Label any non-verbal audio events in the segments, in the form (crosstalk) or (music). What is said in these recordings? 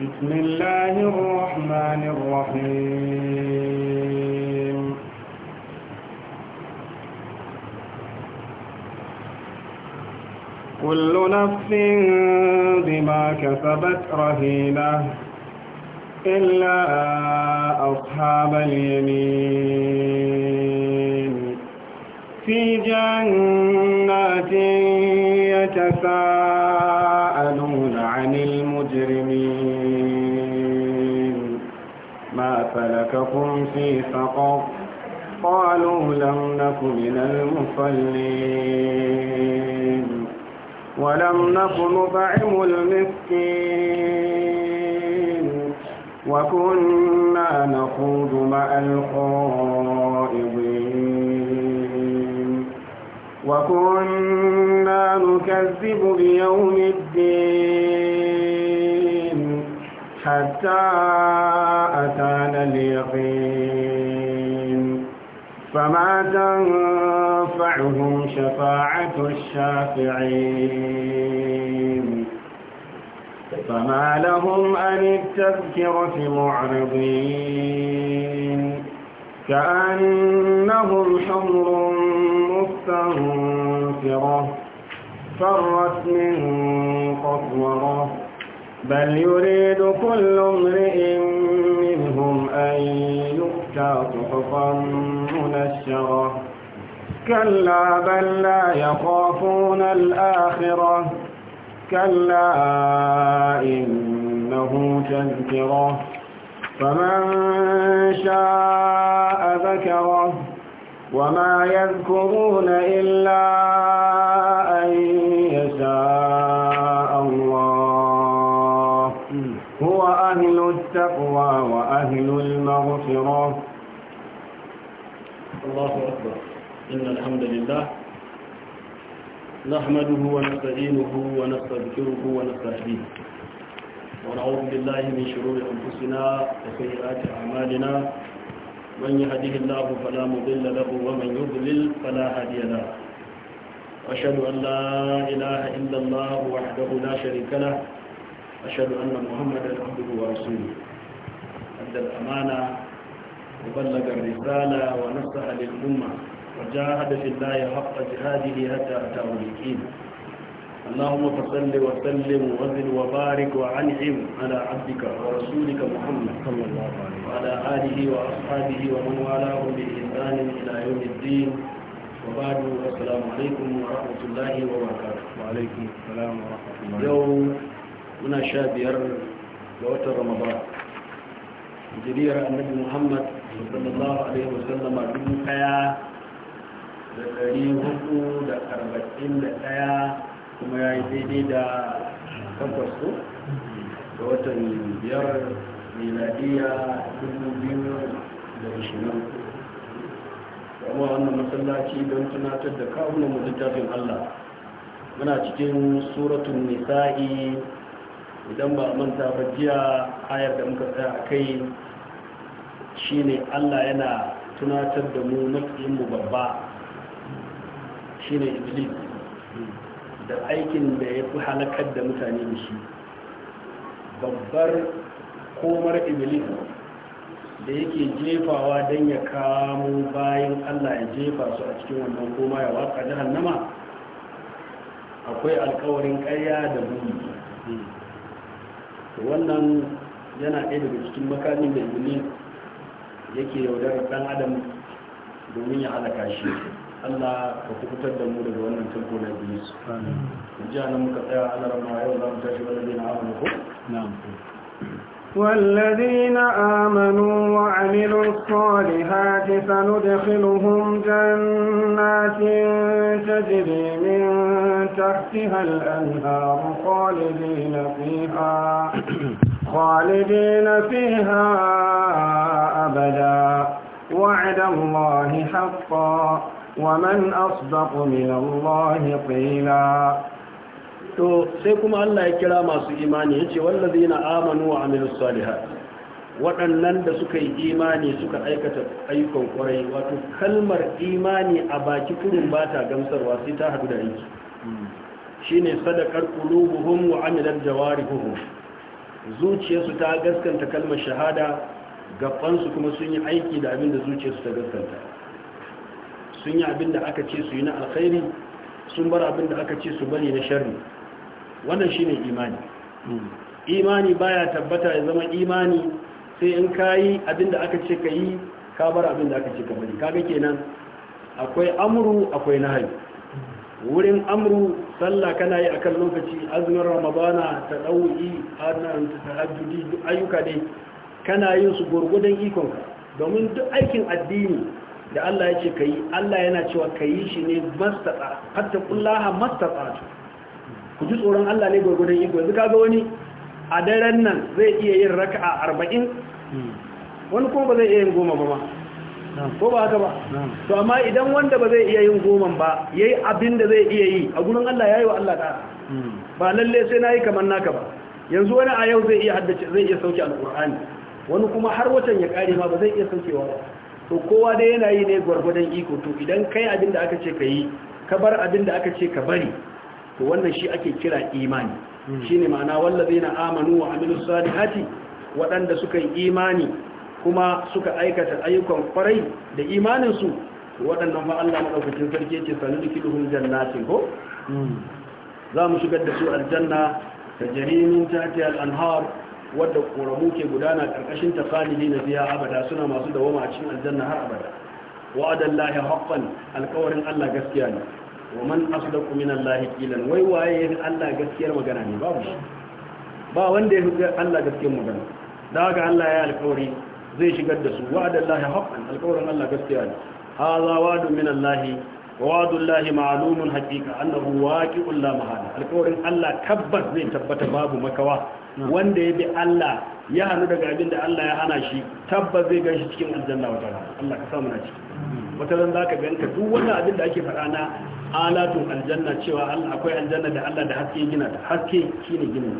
بسم الله الرحمن الرحيم كل نفس بما كسبت رهينة إلا أصحاب اليمين في جنات يتساءلون عن المجرمين ما فلككم في سقط قالوا لم نك من المصلين ولم نك نطعم المسكين وكنا نخوض مع القوم وكنا نكذب بيوم الدين حتى أتانا اليقين فما تنفعهم شفاعة الشافعين فما لهم عن التذكرة معرضين كأنهم حمر مستنفرة فرت من قطورة بل يريد كل امرئ منهم أن يؤتى صحفا منشرة كلا بل لا يخافون الآخرة كلا إنه تذكرة فمن شاء ذكره وما يذكرون إلا أن يشاء الله هو أهل التقوى وأهل المغفرة الله أكبر إن الحمد لله نحمده ونستعينه ونستذكره ونستهديه ونعوذ بالله من شرور أنفسنا وسيئات أعمالنا من يهده الله فلا مضل له ومن يضلل فلا هادي له أشهد أن لا إله إلا الله وحده لا شريك له أشهد أن محمدا عبده ورسوله أدى الأمانة وبلغ الرسالة ونصح للأمة وجاهد في الله حق جهاده حتى أتاه اليقين اللهم فصل وسلم وزد وبارك وعنعم على عبدك ورسولك محمد صلى الله عليه وعلى آله وأصحابه ومن والاه بإحسان إلى يوم الدين وبعد السلام عليكم ورحمة الله وبركاته وعليكم السلام ورحمة الله يوم هنا شابير لوتر رمضان جرير النبي محمد صلى الله عليه وسلم دون آية da ɗari hudu da arba'in da ɗaya kuma ya yi daidai da takwas ko da watan biyar miladiya dubu biyu da ishirin kuma wannan masallaci don tunatar da kawunan littafin allah muna cikin suratun nisa'i idan ba manta ba jiya ayar da muka tsaya a kai shine allah yana tunatar da mu matsayinmu babba shine iblis da aikin da ya fi halakar da mutane da shi babbar komar iblis da yake jefawa don ya kamo bayan allah ya jefa su a cikin wannan koma ya waka jahannama akwai alkawarin karya da buri wannan yana ɗaya daga cikin makamin da iblis yake yaudarar ɗan adam domin ya halaka shi Allah ka kubutar da mu daga wannan tarko na biyu ji nan muka tsaya ana rama yau za mu tashi wani zai na amonu ko? na'am والذين آمنوا وعملوا الصالحات سندخلهم جنات تجري من تحتها الأنهار خالدين فيها خالدين فيها أبدا وعد الله حقا ومن أصدق من الله قيلا to sai kuma Allah ya kira masu imani yace wallazina amanu wa amilus salihat waɗannan da suka yi imani suka aikata ayyukan kwarai wato kalmar imani a baki kurun bata gamsarwa sai ta hadu da aiki shine sadaqar qulubuhum wa amilat jawarihum zuciyarsu ta gaskanta kalmar shahada gaban su kuma sun yi aiki da abin da zuciyarsu ta gaskanta sun yi abin da aka ce su yi na alkhairi sun bar abin da aka ce su bari na sharri wannan shine imani imani baya tabbata ya zama imani sai in kayi abin da aka ce ka yi ka bar abin da aka ce ka bari kaga kenan akwai amru akwai nahi wurin amru sallah kana yi akan lokaci azumin ramadana ta ɗau'i annan tahajjudi ayyuka dai kana yin su gurgudan ikonka domin duk aikin addini da Allah ya ce ka yi Allah yana cewa ka yi shi ne mastatsa hatta kullaha mastatsa ku ji tsoron Allah ne gwargwadon iko yanzu kaga wani a daren nan zai iya yin raka'a arba'in wani kuma ba zai iya yin goma ba ma ko ba haka ba to amma idan wanda ba zai iya yin goma ba yayi abin da zai iya yi a gurin Allah yayi wa Allah ta hmm. ba lalle sai nayi kamar naka ba yanzu wani a yau zai iya haddace zai iya sauke alqur'ani wani kuma har watan ya kare ma ba zai iya saukewa ba to kowa dai yana yi ne gwargwadon iko to idan kai abin da aka ce ka yi ka bar abin da aka ce ka bari to wannan shi ake kira imani hmm. shine ma'ana na amanu wa amilus salihati waɗanda suka yi imani kuma suka aikata ayyukan kwarai da imaninsu, su waɗannan ba Allah madaukakin sarki yace sanudkiluhum jannatin ko hmm. za mu shigar da su aljanna da jarimin tatiyar Alhawar. anhar wadda koramu ke gudana karkashin ta khalidi na biya abada suna masu dawoma a cikin aljanna har abada wa'adan lahi haqqan alƙawarin Allah gaskiya ne wa man asdaqu min Allah qilan wai waye yin Allah gaskiyar magana ne babu shi ba wanda ya fi Allah gaskiyar magana da haka Allah ya alkawari zai shigar da su wa'adan lahi haqqan alƙawarin Allah gaskiya ne hadha wa'du min Allah وعد الله معلوم حقيقة أنه واقع لا محالة Alƙawarin Allah tabbas zai tabbata babu makawa. wanda ya bi Allah ya hannu daga abinda Allah ya hana shi tabbas zai ganshi cikin aljanna wata rana Allah ka samu na ciki wata ran zaka ganka duk wannan abin da ake faɗa na alatu aljanna cewa Allah akwai aljanna da Allah da haske gina ta haske shine ginin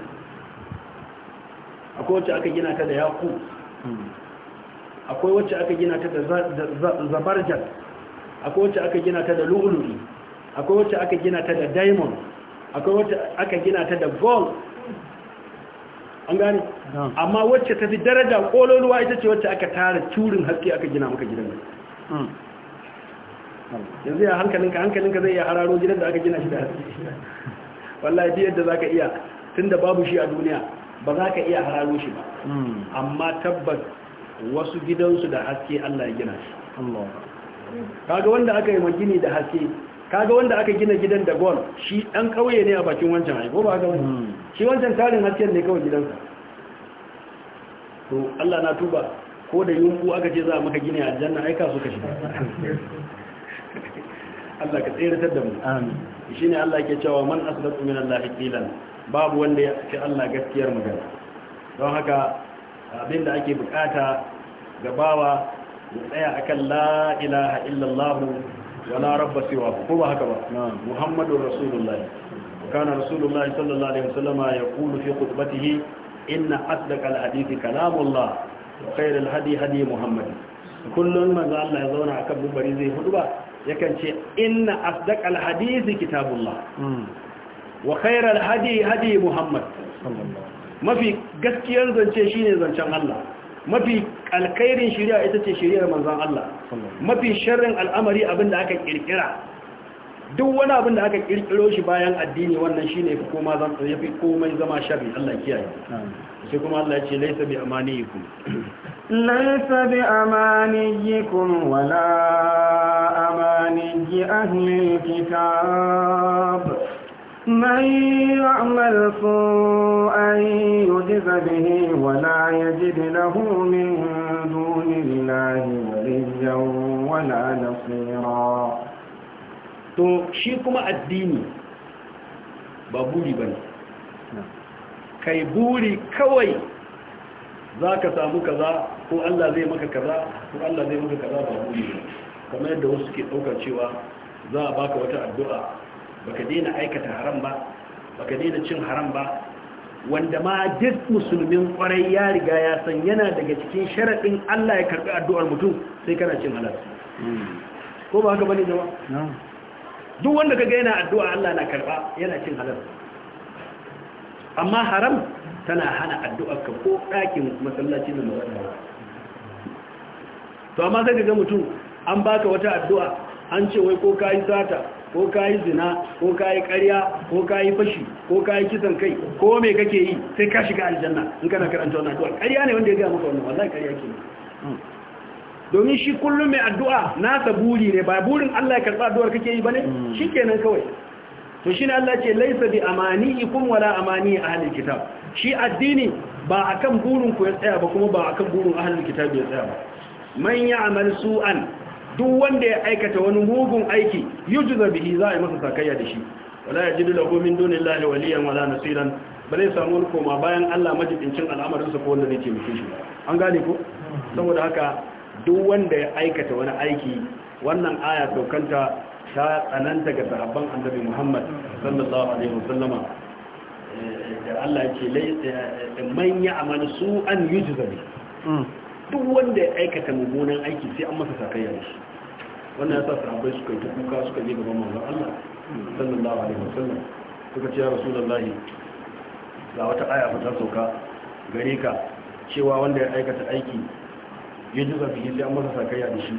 akwai wacce aka gina ta da yaqut hmm. akwai wacce aka gina ta da zabarjat akwai wacce aka gina ta da lu'ulu'i akwai wacce aka gina ta da diamond akwai wacce aka gina ta da gold an gane amma wacce ta fi daraja kololuwa ita ce wacce aka tara turin haske aka gina maka gidan hmm. yanzu ya hankalinka hankalinka zai iya hararo gidan da aka gina shi da haske wallahi duk yadda zaka iya tunda babu shi a duniya ba za ka iya hararo shi ba hmm. amma tabbas wasu gidansu da haske Allah ya gina shi kaga wanda aka yi magini da haske kaga wanda aka gina gidan da gol shi dan kauye ne a bakin wancan ai ko ba ga wani hmm. shi wancan tarin hasken ne kawai gidansa to Allah na tuba ko da yunku aka ce za a maka gini a aljanna ai ka su ka shiga (laughs) Allah ka tsiratar da mu amin shine Allah yake cewa man asdaqu min Allah qilan babu wanda ya ce Allah gaskiyar magana don haka abinda ake bukata ga bawa ya tsaya akan la ilaha illallah wala rabba siwa ko ba haka ba muhammadur rasulullahi kana rasulullahi sallallahu alaihi wasallama yaqulu fi khutbatihi inna asdaqal hadithi kalamullah wa khairal hadi hadi muhammad kullum manzo Allah ya zauna akan bubari zai hudu ba yakan ce inna asdaqal hadithi kitabullah hmm. wa khairal hadi hadi muhammad mafi gaskiyar zance shine zancen Allah mafi alkhairin shari'a ita ce shari'ar manzan Allah mafi sharrin al'amari abin da aka kirkira duk wani abin da aka kirkiro shi bayan addini wannan shine yafi koma zan yafi komai zama sharri Allah kiyaye sai kuma Allah ya ce laysa bi amaniyikum laysa bi amaniyikum wala amaniyi ahli alkitab من يعمل سوءا يجز به ولا يجد له من دون الله وليا ولا نصيرا to shi kuma addini ba buri ba ne kai buri kawai za ka samu kaza ko Allah zai maka kaza ko Allah zai maka kaza ba buri ba kamar yadda wasu ke ɗaukar cewa za a baka wata addu'a baka daina aikata haram ba baka daina cin haram ba wanda ma duk musulmin kwarai ya riga ya san yana daga cikin sharaɗin Allah ya karɓi addu'ar mutum sai kana cin halal ko ba haka bane jama duk wanda ka ga yana addu'a Allah na karɓa yana cin halal amma haram tana hana addu'ar ka ko ɗakin masallaci da masallaci to amma sai ga mutum an baka wata addu'a an ce wai ko kai sata ko ka yi zina ko ka yi ƙarya ko ka yi fashi ko ka yi kisan kai ko me kake yi sai ka shiga aljanna in kana karanta wannan addu'a ƙarya ne wanda ya gaya maka wannan wallahi ƙarya ke domin shi kullum mai addu'a nasa buri ne ba burin Allah ya karɓa addu'ar kake yi bane mm. shikenan kawai to shine Allah ce laisa bi amaniikum wala amani ahli kitab shi addini ba akan burin ku ya tsaya ba kuma ba akan burin ahli kitab ya tsaya ba man ya'mal su'an duk wanda ya aikata wani mugun aiki yujza bihi za a yi masa sakayya da shi wala yajidu lahu min dunillahi waliyan wala nasiran ba zai samu wani koma bayan Allah majibincin al'amarinsa ko wanda zai mutum shi an gane ko saboda haka duk wanda ya aikata wani aiki wannan aya saukanta ta tsananta ga sahabban annabi Muhammad sallallahu alaihi wasallama eh, da Allah ya ce eh, eh, man ya su an yujzabi duk wanda ya aikata mummunan aiki sai an masa sakayya da shi wannan ya sa sahabbai suka yi ta kuka suka je gaban manzon Allah sallallahu alaihi wasallam suka ce ya rasulullahi ga wata aya ta sauka gare ka cewa wanda ya aikata aiki ya ji zafi sai an masa sakayya da shi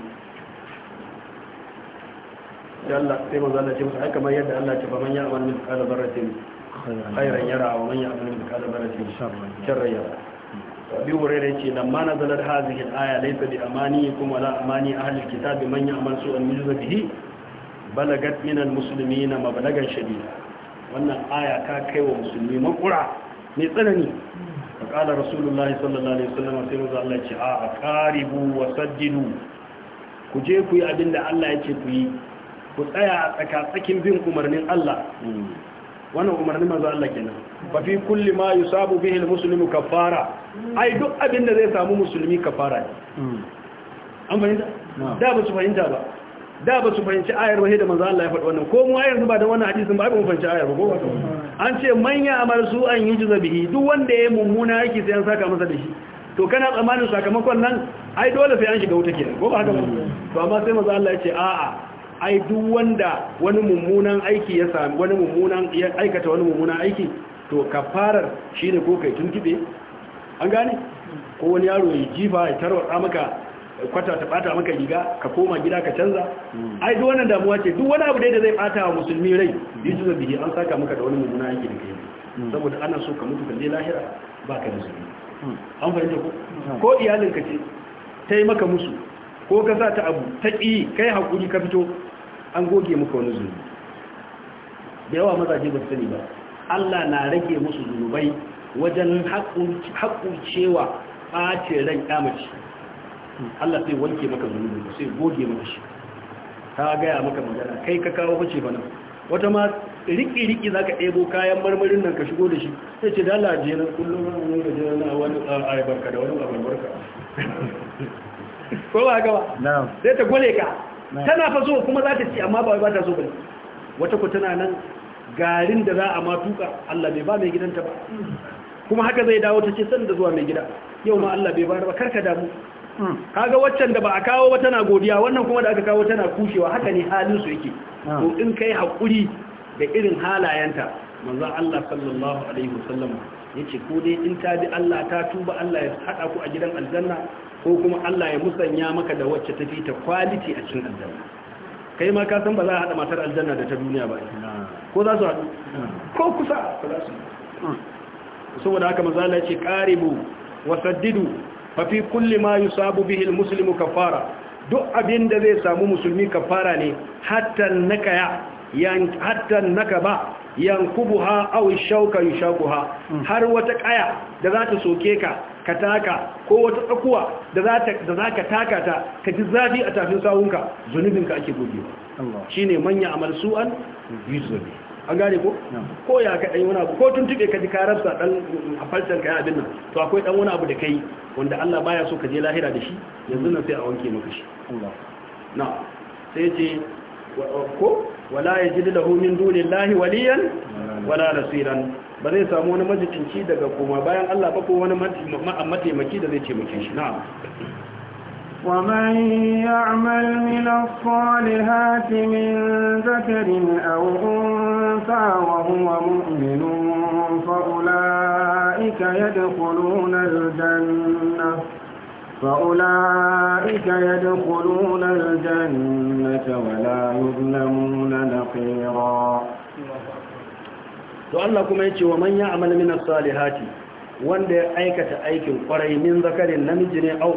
sai manzo Allah ce masa ai kamar yadda Allah ce faman ya amal min qala barratin khairan yara wa man ya amal min qala barratin sharran yara abi hurairah yace lamma nazalat hadhihi al-aya laysa bi amaniikum wala amani ahli al-kitab man ya'mal su'an yujza bihi balagat min al-muslimin mablagan shadida wannan aya ka kai wa musulmi makura mai tsanani فقال رسول الله صلى الله عليه وسلم sai manzo Allah ce a qaribu wa saddidu ku je ku yi abin da Allah ya ce ku yi ku tsaya a tsakatsakin bin umarnin Allah wannan umarnin manzo Allah kenan ba fi kulli ma yusabu musulmi almuslimu kaffara ai duk abin da zai samu musulmi kafara ne an fahimta da ba su fahimta ba da ba su fahimci ayar wahida da manzo Allah ya faɗi wannan ko mu ayar ba da wannan hadisin ba ba mu fahimci ayar ba ko an ce manya amar su an yi bihi duk wanda ya mummuna yake sai an saka masa da shi to kana tsammanin sakamakon nan ai dole sai an shiga wuta kenan ko ba haka ba mm. to amma sai manzo Allah ya ce a'a ai duk wanda wani mummunan aiki ya sami wani mummunan aikata wani mummunan aiki to kafarar shi ne ko kai tuntube an gane ko wani yaro ya jifa ya tarwatsa maka kwata ta bata maka riga ka koma gida ka canza hmm. ai duk wannan damuwa ce duk wani abu dai da zai bata wa musulmi rai yuzu da bihi an saka maka da wani mummuna yake da kai hmm. saboda ana so ka mutu ka je lahira ba ka da hmm. an fahimta ko ko iyalin ka ce tai maka musu ko ka sa ta abu ta ki kai hakuri ka fito an goge maka wani zunubi da yawa mazaje ba su sani ba Allah na rage musu zunubai wajen haƙurcewa ɓace ran ƙamaci Allah sai wanke maka zunubi sai goge maka shi ta gaya maka magana kai ka kawo kuce ba nan wata ma riki-riki za ka ɗebo kayan marmarin nan ka shigo da shi sai ce dala je na kullum wani da jina na wani aibarka da wani abarbarka (laughs) ko ba gaba sai ta gwale ka tana fa so kuma za ta ci amma ba ba ta so ba wata ku tana nan garin da za a ma tuka Allah bai ba mai gidanta ba kuma haka zai dawo ta ce san da zuwa mai gida yau ma Allah bai ba ba karka damu hmm. kaga waccan da ba a kawo ba tana godiya wannan kuma da aka kawo tana kushewa haka ne halin su yake hmm. to in kai hakuri da irin halayenta manzon Allah sallallahu alaihi wasallam yace ko dai in ta bi Allah ta tuba Allah ya hada ku a gidan aljanna ko kuma Allah ya musanya maka da wacce tafi ta quality a cikin aljanna kai ma ka san ba za a hada matar aljanna da ta duniya ba hmm. ko za su haɗu ko kusa za su saboda haka mazala ce ƙaribu wasaddidu mafi kulli ma yi sabu bihil musulmi kafara duk abin da zai samu musulmi kafara ne hatta naka ba yankubu ha au shauka yi shauku ha har wata ƙaya da za ta soke ka ka taka ko wata tsakuwa da za ka taka ta ka ji zafi a tafin sawunka zunubinka ake gogewa Shi ne manya amal su'an yuzuri an gane ko ko ya ka ɗan wani abu ko tun tuɓe ka ji kararsa ɗan a ka yi abin nan to akwai dan wani abu da kai wanda Allah baya so ka je lahira da shi yanzu nan sai a wanke maka shi na sai ce ko wala ya da lahu min lahi waliyan wala nasiran ba zai samu wani majicinci daga koma bayan Allah ba ko wani mataimaki da zai taimake shi na'am ومن يعمل من الصالحات من ذكر أو أنثى وهو مؤمن فأولئك يدخلون الجنة فأولئك يدخلون الجنة ولا يظلمون نقيرا to Allah kuma ce wa man ya'mal min as wanda ya aikata aikin kwarai min zakarin namiji ne au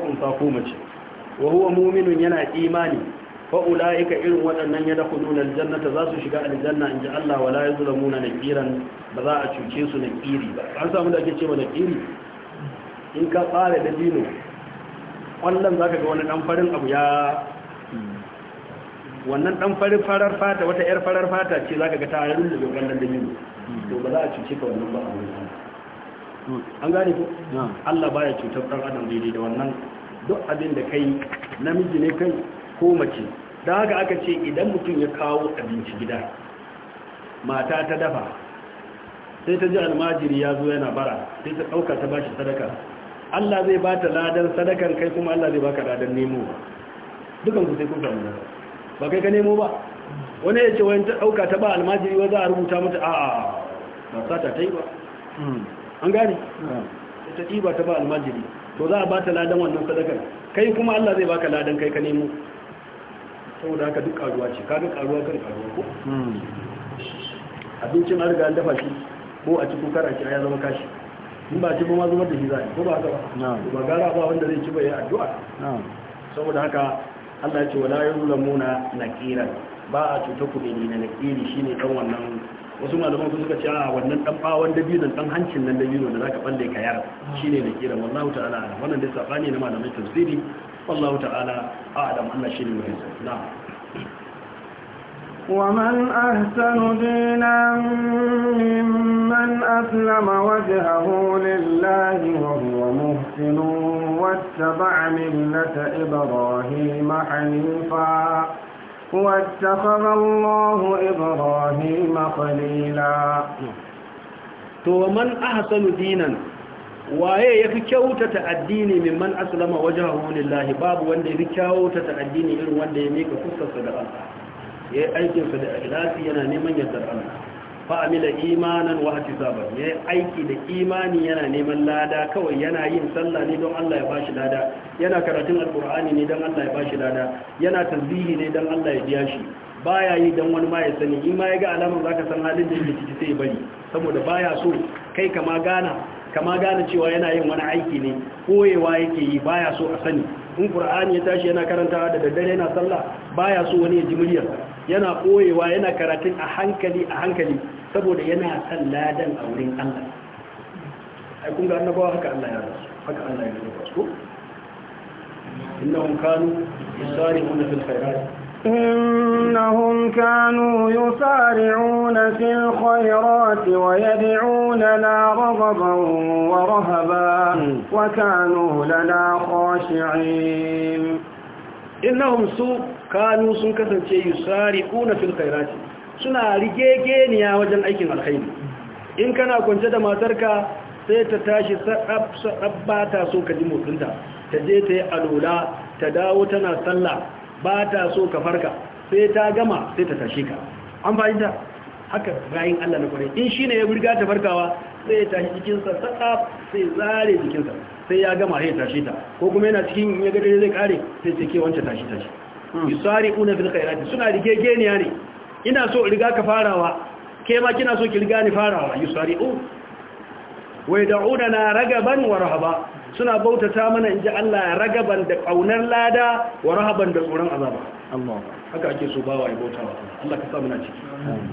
wa huwa mu'minun yana imani fa ulaika irin waɗannan ya dakhuluna aljannata za su shiga aljanna inji Allah wa wala yuzlamuna nakiran ba za a cuce su nakiri ba an samu da ake cewa nakiri in ka tsara da dino wannan zaka ga wani dan farin abu ya wannan dan farin farar fata wata yar farar fata ce zaka ga ta rulle wannan da dino to ba za a cuce ka wannan ba a hmm. an gane ko Allah baya cutar dan adam daidai da wannan duk abin da kai namiji ne kai ko mace don haka aka ce idan mutum ya kawo abinci gida mata ta dafa sai ta ji almajiri ya zo yana bara sai ta ɗauka ta bashi sadaka Allah zai ba ta ladan sadakan kai kuma Allah zai baka ladan nemo dukan ku sai kun samu nan ba kai ka nemo ba wani ya ce wani ta ɗauka ta ba almajiri wa za a rubuta mata a'a ba sata ta yi ba hmm. an gane hmm. ta ɗiba ta ba almajiri to za a ba ta ladan wannan sadakar kai kuma Allah zai baka ladan kai ka nemo saboda haka duk karuwa ce Ka ga karuwa kan karuwa ko hmm. abincin an riga an dafa shi ko a cikin kara a ya zama kashi in ba ci ba ma zubar da shi za ko ba haka ba ba gara ba wanda zai ci ba ya addu'a saboda haka Allah ya ce wala yuzlamuna naqiran ba a cuta ku ne na nakiri shine kan wannan wasu malaman su suka ce a wannan dan bawon dabinon dan hancin nan dabino da zaka balle ka yara shine ne kira wallahu ta'ala wannan dai safani na malamin tafsiri wallahu ta'ala a'lam Allah shine mai na'am ومن أحسن دينا ممن أسلم وجهه لله وهو محسن واتبع ملة إبراهيم حنيفاً واتخذ الله إبراهيم خليلا ومن أحسن دينا waye yafi kyautata addini mimman aslama wajhahu lillahi babu wanda yafi kyautata addini irin wanda ya mika fuskarsa da Allah yayi aikin sa da ikhlasi yana neman yardar Allah fa'amila imanan wa hisaban ya aiki da imani yana neman lada kawai yana yin sallah ne don Allah ya bashi lada yana karatun Alƙur'ani ne don Allah ya bashi lada yana tasbihi ne don Allah ya biya shi baya yi don wani ma ya sani in ma ya ga alaman zaka san halin da yake ciki sai bari saboda baya so kai kama gana kama gane cewa yana yin wani aiki ne koyewa yake yi baya so a sani in qur'ani ya tashi yana karantawa da daddare yana sallah baya so wani ya ji muryar yana koyewa yana karatun a hankali a hankali saboda yana san ladan a wurin Allah ai kun ga annabawa haka Allah ya rasu haka Allah ya rasu ko innahum kanu yusari'una fil khairat إنهم كانوا يسارعون في الخيرات ويدعوننا رغبا ورهبا وكانوا لنا خاشعين إنهم سوء كانوا سنكسن يسارعون في الخيرات suna rigegeniya wajen aikin alkhairi in kana kwance da matarka sai ta tashi saɗaɓ ba ta so ka ji motsinta ta je ta yi alola ta dawo tana sallah ba ta so ka farka sai ta gama sai ta tashi ka an fahimta haka bayin Allah na kwarai in shine ya burga ta farkawa sai ya tashi jikinsa saɗaɓ sai zare jikinsa sai ya gama sai ya tashi ta ko kuma yana cikin ya gada zai kare sai ce ke wancan tashi tashi hmm. yusari una fil khairati suna geniya ne ina so riga ka farawa ke ma kina so ki riga ni farawa yusari'u wai da'una na ragaban wa rahaba suna bautata mana in ji Allah ragaban da kaunar lada wa rahaban da tsoron azaba Allah haka ake so bawa ya bauta wa Allah ka sa muna ciki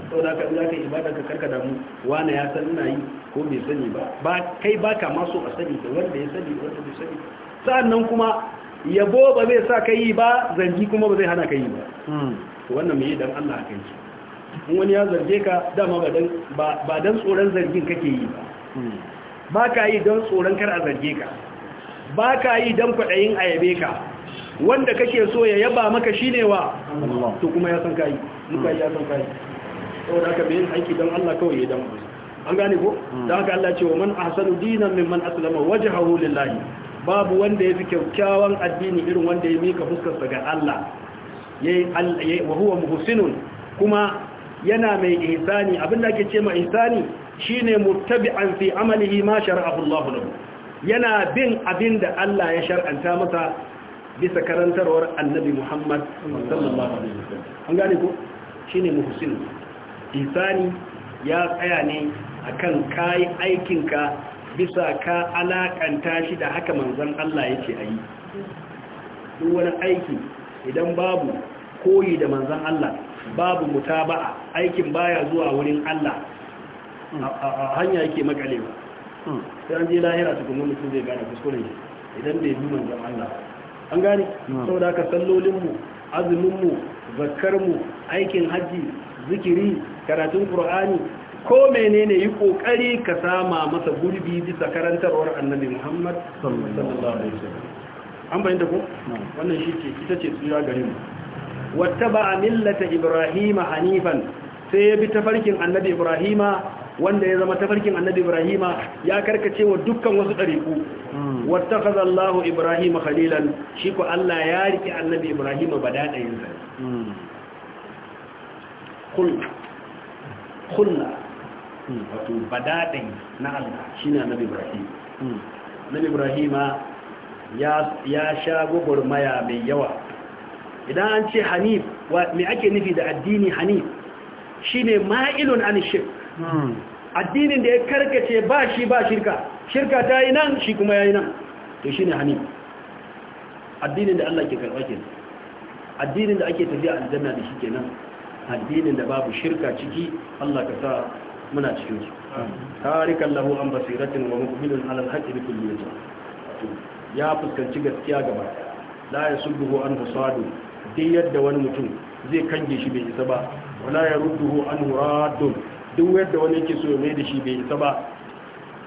sau da ka za ka ibada ka karka damu wani ya san ina yi ko bai sani ba ba kai baka ma so a sani da wanda ya sani da wanda bai sani sa'annan kuma yabo ba zai sa ka yi ba zanji kuma ba zai hana ka yi ba hmm. wannan yi dan Allah ka yi in wani ya zarge ka dama ba don tsoron zargin kake yi ba hmm. ka yi don tsoron kar a zarge ka ba ka yi don kwaɗayin a yabe ka wanda kake so ya yaba maka shi ne wa to kuma ya san kayi hmm. muka ya san kayi saboda haka bayan aiki don Allah kawai ya damu. an gane ko hmm. da haka Allah ce wa man ahsanu dinan asalama aslama wajhahu lillahi babu wanda yafi kyakkyawan addini irin wanda ya mika fuskar sa ga Allah yayi wa huwa muhsinun kuma yana mai ihsani abinda ake ce ma ihsani shine muttabi'an fi amalihi ma shar'ahu Allah lahu yana bin abinda Allah ya shar'anta masa bisa karantarwar Annabi Muhammad sallallahu alaihi wasallam an gane ko shine muhsin ihsani ya tsaya ne akan kai aikinka bisa ka alakanta shi da haka manzon Allah yake ayi duk wani aiki idan babu koyi da manzon Allah babu mutaba'a aikin baya zuwa wurin Allah a hanya yake makalewa hmm. sai an je lahira su kuma mutum zai gane kuskure idan bai bi manzon Allah an gane hmm. saboda haka sallolinmu, azuminmu, azumin zakkar mu aikin haji zikiri karatun qur'ani ko menene yi kokari ka sama masa gurbi bisa karantarwar annabi Muhammad sallallahu alaihi wasallam an bayyana ko hmm. wannan shi ce ita ce tsira garin mu wattaba millata ibrahima hanifan sai ya bi tafarkin annabi ibrahima wanda ya zama tafarkin annabi ibrahima ya karkace wa dukkan wasu dariku hmm. wattakhadha allah ibrahima khalilan shi ko allah ya riƙe annabi ibrahima badadayin sa hmm. kullu kulla, hmm. wato badadayi na allah shi ne annabi ibrahim annabi ibrahima ya sha gogormaya mai yawa idan an ce hanif mai ake nufi da addini hanif shine ma'ilun an shirk hmm. addinin da ya karkace ba shi ba shirka shirka ta yi nan shi kuma ya yi nan to shine hanif addinin da Allah ke karba ke addinin da ake tafiya a aljanna da shi ke nan addinin da babu shirka ciki Allah ka sa muna cikin su tarikan lahu an basiratin wa mu'minun ala al-haqqi bi kulli wajh ya fuskanci gaskiya gaba la yasubbu an fasadu din yadda wani mutum zai kange shi bai isa ba wala ya rudduhu an muradun duk yadda wani yake so mai da shi bai isa ba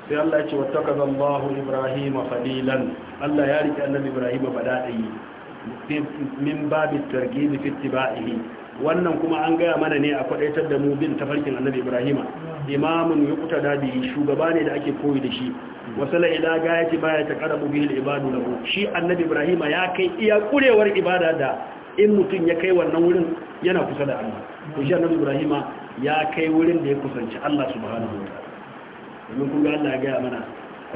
sai Allah ya ce wattakaza Allahu Ibrahim khalilan Allah ya rike annabi Ibrahim badai min babi targhib fi ittiba'ihi wannan kuma an gaya mana ne a kwadaitar da mu bin tafarkin annabi Ibrahim imamun yuqta da bi shugaba ne da ake koyi da shi wasala ila gayati ba ya taqarrabu bihi al-ibadu lahu shi annabi Ibrahima ya kai iya kurewar ibada da in mutum ya kai wannan wurin yana kusa da Allah to shi annabi Ibrahima ya kai wurin da ya kusanci Allah subhanahu wa ta'ala domin kun ga Allah ya gaya mana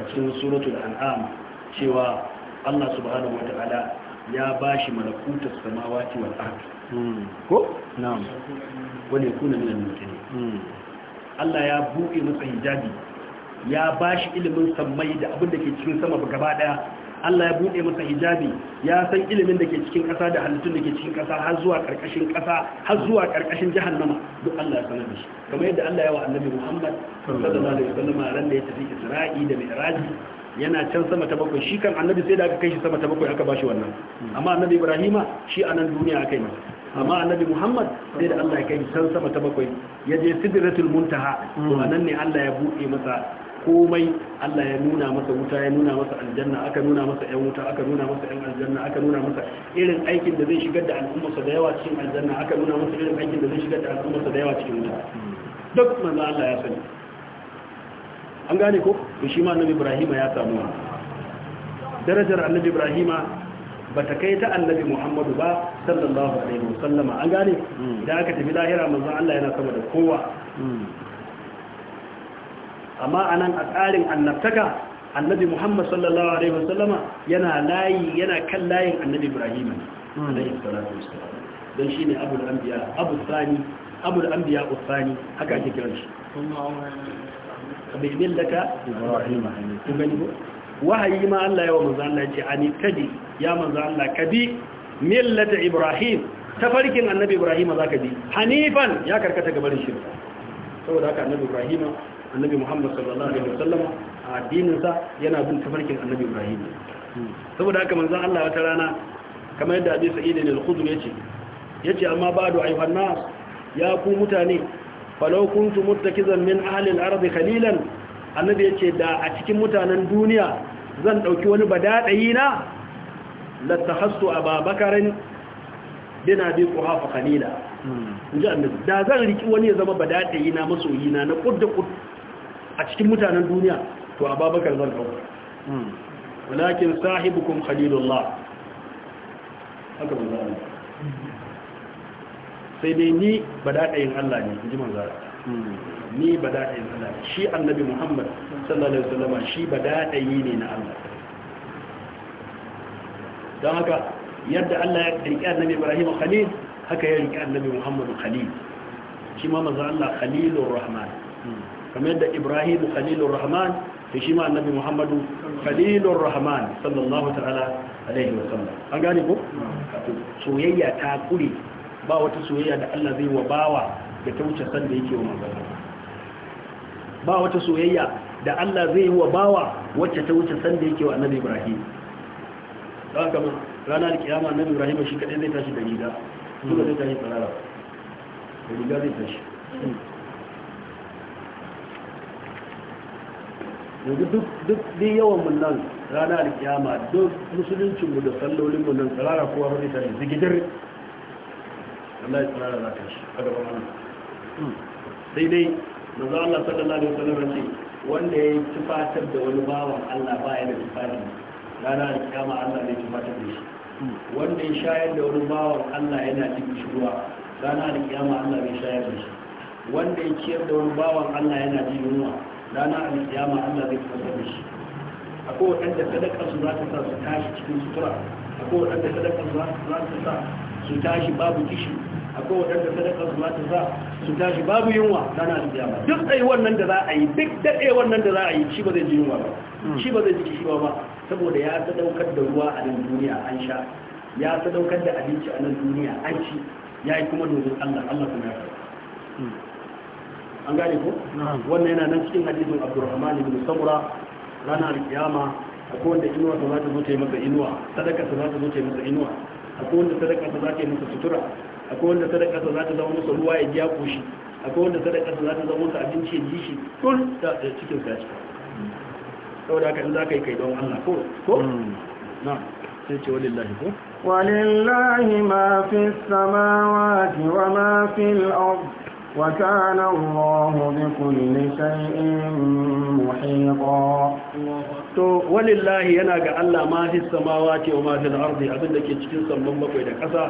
a cikin suratul an'am cewa Allah subhanahu wa ta'ala ya bashi malakutu samawati wal ard hmm. ko na'am wani kuna min al-mutane hmm. Allah ya buɗe masa hijabi ya bashi ilimin sammai da abin da ke cikin sama gaba daya Allah ya buɗe masa hijabi ya san ilimin da ke cikin ƙasa da halittun da ke cikin ƙasa har zuwa ƙarƙashin ƙasa har zuwa ƙarƙashin jahannama duk Allah ya sanar da shi kamar yadda Allah ya wa annabi Muhammad sallallahu alaihi wasallam ran da ya tafi Isra'i da Mi'raji yana can sama ta bakwai shi kan annabi sai da aka kai shi sama ta bakwai aka ba shi wannan amma annabi Ibrahima shi a nan duniya aka yi masa amma annabi Muhammad sai da Allah ya kai shi can sama ta bakwai ya je Sidratul Muntaha to anan ne Allah ya buɗe masa komai Allah ya nuna masa wuta ya nuna masa aljanna aka nuna masa yan wuta aka nuna masa yan aljanna aka nuna masa irin aikin da zai shigar da al'ummarsa da yawa cikin aljanna aka nuna masa irin aikin da zai shigar da al'ummarsa da yawa cikin wuta duk manzo Allah ya sani an gane ko to shi ma annabi Ibrahim ya samu darajar annabi Ibrahim ba ta kai ta annabi Muhammadu ba sallallahu alaihi wasallama an gane hmm. da aka tafi lahira manzo Allah yana sama da kowa hmm. amma anan a tsarin annabtaka annabi muhammad sallallahu alaihi wasallama yana layi yana kan layin annabi ibrahim alaihi salatu wasallam don shine abul anbiya abu sani abul usani haka ake kiran shi bi millaka ibrahim ku wahayi ma Allah ya wa manzo Allah ce ani kadi ya manzo Allah kadi millata ibrahim tafarkin annabi ibrahim zaka bi hanifan ya karkata gaban shirka saboda haka annabi ibrahim annabi muhammad sallallahu alaihi wasallam a addininsa yana bin tafarkin annabi ibrahim saboda haka manzon Allah wata rana kamar yadda Abi Sa'id al-Khudri yace yace amma ba'du ayuhan nas ya ku mutane falau kuntu muttakizan min ahli al-ard khalilan annabi yace da a cikin mutanen duniya zan dauki wani badadayi na latakhastu ababakarin bin abi quhafa khalila hmm. inji annabi da zan riki wani ya zama badadayi na masoyi na na kudda a cikin mutanen duniya to ababakar zan dauka hmm. walakin sahibukum khalilullah haka manzo Allah sai dai ni bada'in Allah ne inji manzo hmm. ni bada'in Allah shi annabi Muhammad sallallahu alaihi wasallam shi bada'i ne na Allah don haka yadda Allah ya riƙe annabi Ibrahim Khalil haka ya riƙe annabi Muhammad Khalil shi ma manzo Allah Khalilur Rahman hmm. kamar da ibrahim khalilur rahman da shi ma annabi muhammadu khalilur rahman sallallahu ta'ala alaihi wa sallam an gane ko soyayya ta kure ba wata soyayya da Allah zai wa bawa da ta wuce san da yake wa manzon ba wata soyayya da Allah zai wa bawa wacce ta wuce san da yake wa annabi ibrahim don kamar ranar kiyama annabi ibrahim shi kadai zai tashi da gida kuma zai tashi tsarara da gida zai tashi yanzu duk duk din yawan mun nan rana da kiyama duk musulunci mu da sallolin mu nan tsarara ba bane tare zigidir Allah ya tsara da kashi kada ba mun sai dai manzo Allah sallallahu alaihi wasallam ce wanda ya tufatar da wani bawan Allah ba ya da tufatar rana da kiyama Allah ne tufatar da shi wanda ya shayar da wani bawan Allah yana cikin shuwa rana da kiyama Allah ne shayar da shi wanda ya ciyar da wani bawan Allah yana cikin yunwa rana a kiyama Allah zai fitar da shi akwai waɗanda sadaka su za ta sa su tashi cikin sutura akwai waɗanda sadaka su za ta sa su tashi babu kishi akwai waɗanda sadaka su za ta sa su tashi babu yunwa rana a kiyama duk tsaye wannan da za a yi duk daɗe wannan da za a yi shi ba zai ji yunwa ba shi ba zai ji kishi ba saboda ya sadaukar da ruwa a nan duniya an sha ya sadaukar da abinci a nan duniya an ci ya yi kuma dogon Allah Allah kuma ya karɓa hmm. an gane ko wannan yana nan cikin hadisin abdurrahman ibn samura ranar kiyama akwai wanda inuwa ta za ta zo ta yi masa inuwa sadaka ta za ta zo ta yi masa inuwa akwai wanda sadaka ta za ta yi masa sutura akwai wanda sadaka ta za ta zama masa ruwa ya ji ya koshi akwai wanda sadaka ta za ta zama masa abinci ya ji shi kun ta cikin sa saboda haka in za ka yi kai don Allah ko ko hmm. na sai ce walillahi ko walillahi ma fi samawati wa ma fil ardh وكان الله بكل شيء محيطا to walillahi yana ga Allah ma fi samawati wa ma fil abin da ke cikin sammon bakwai da ƙasa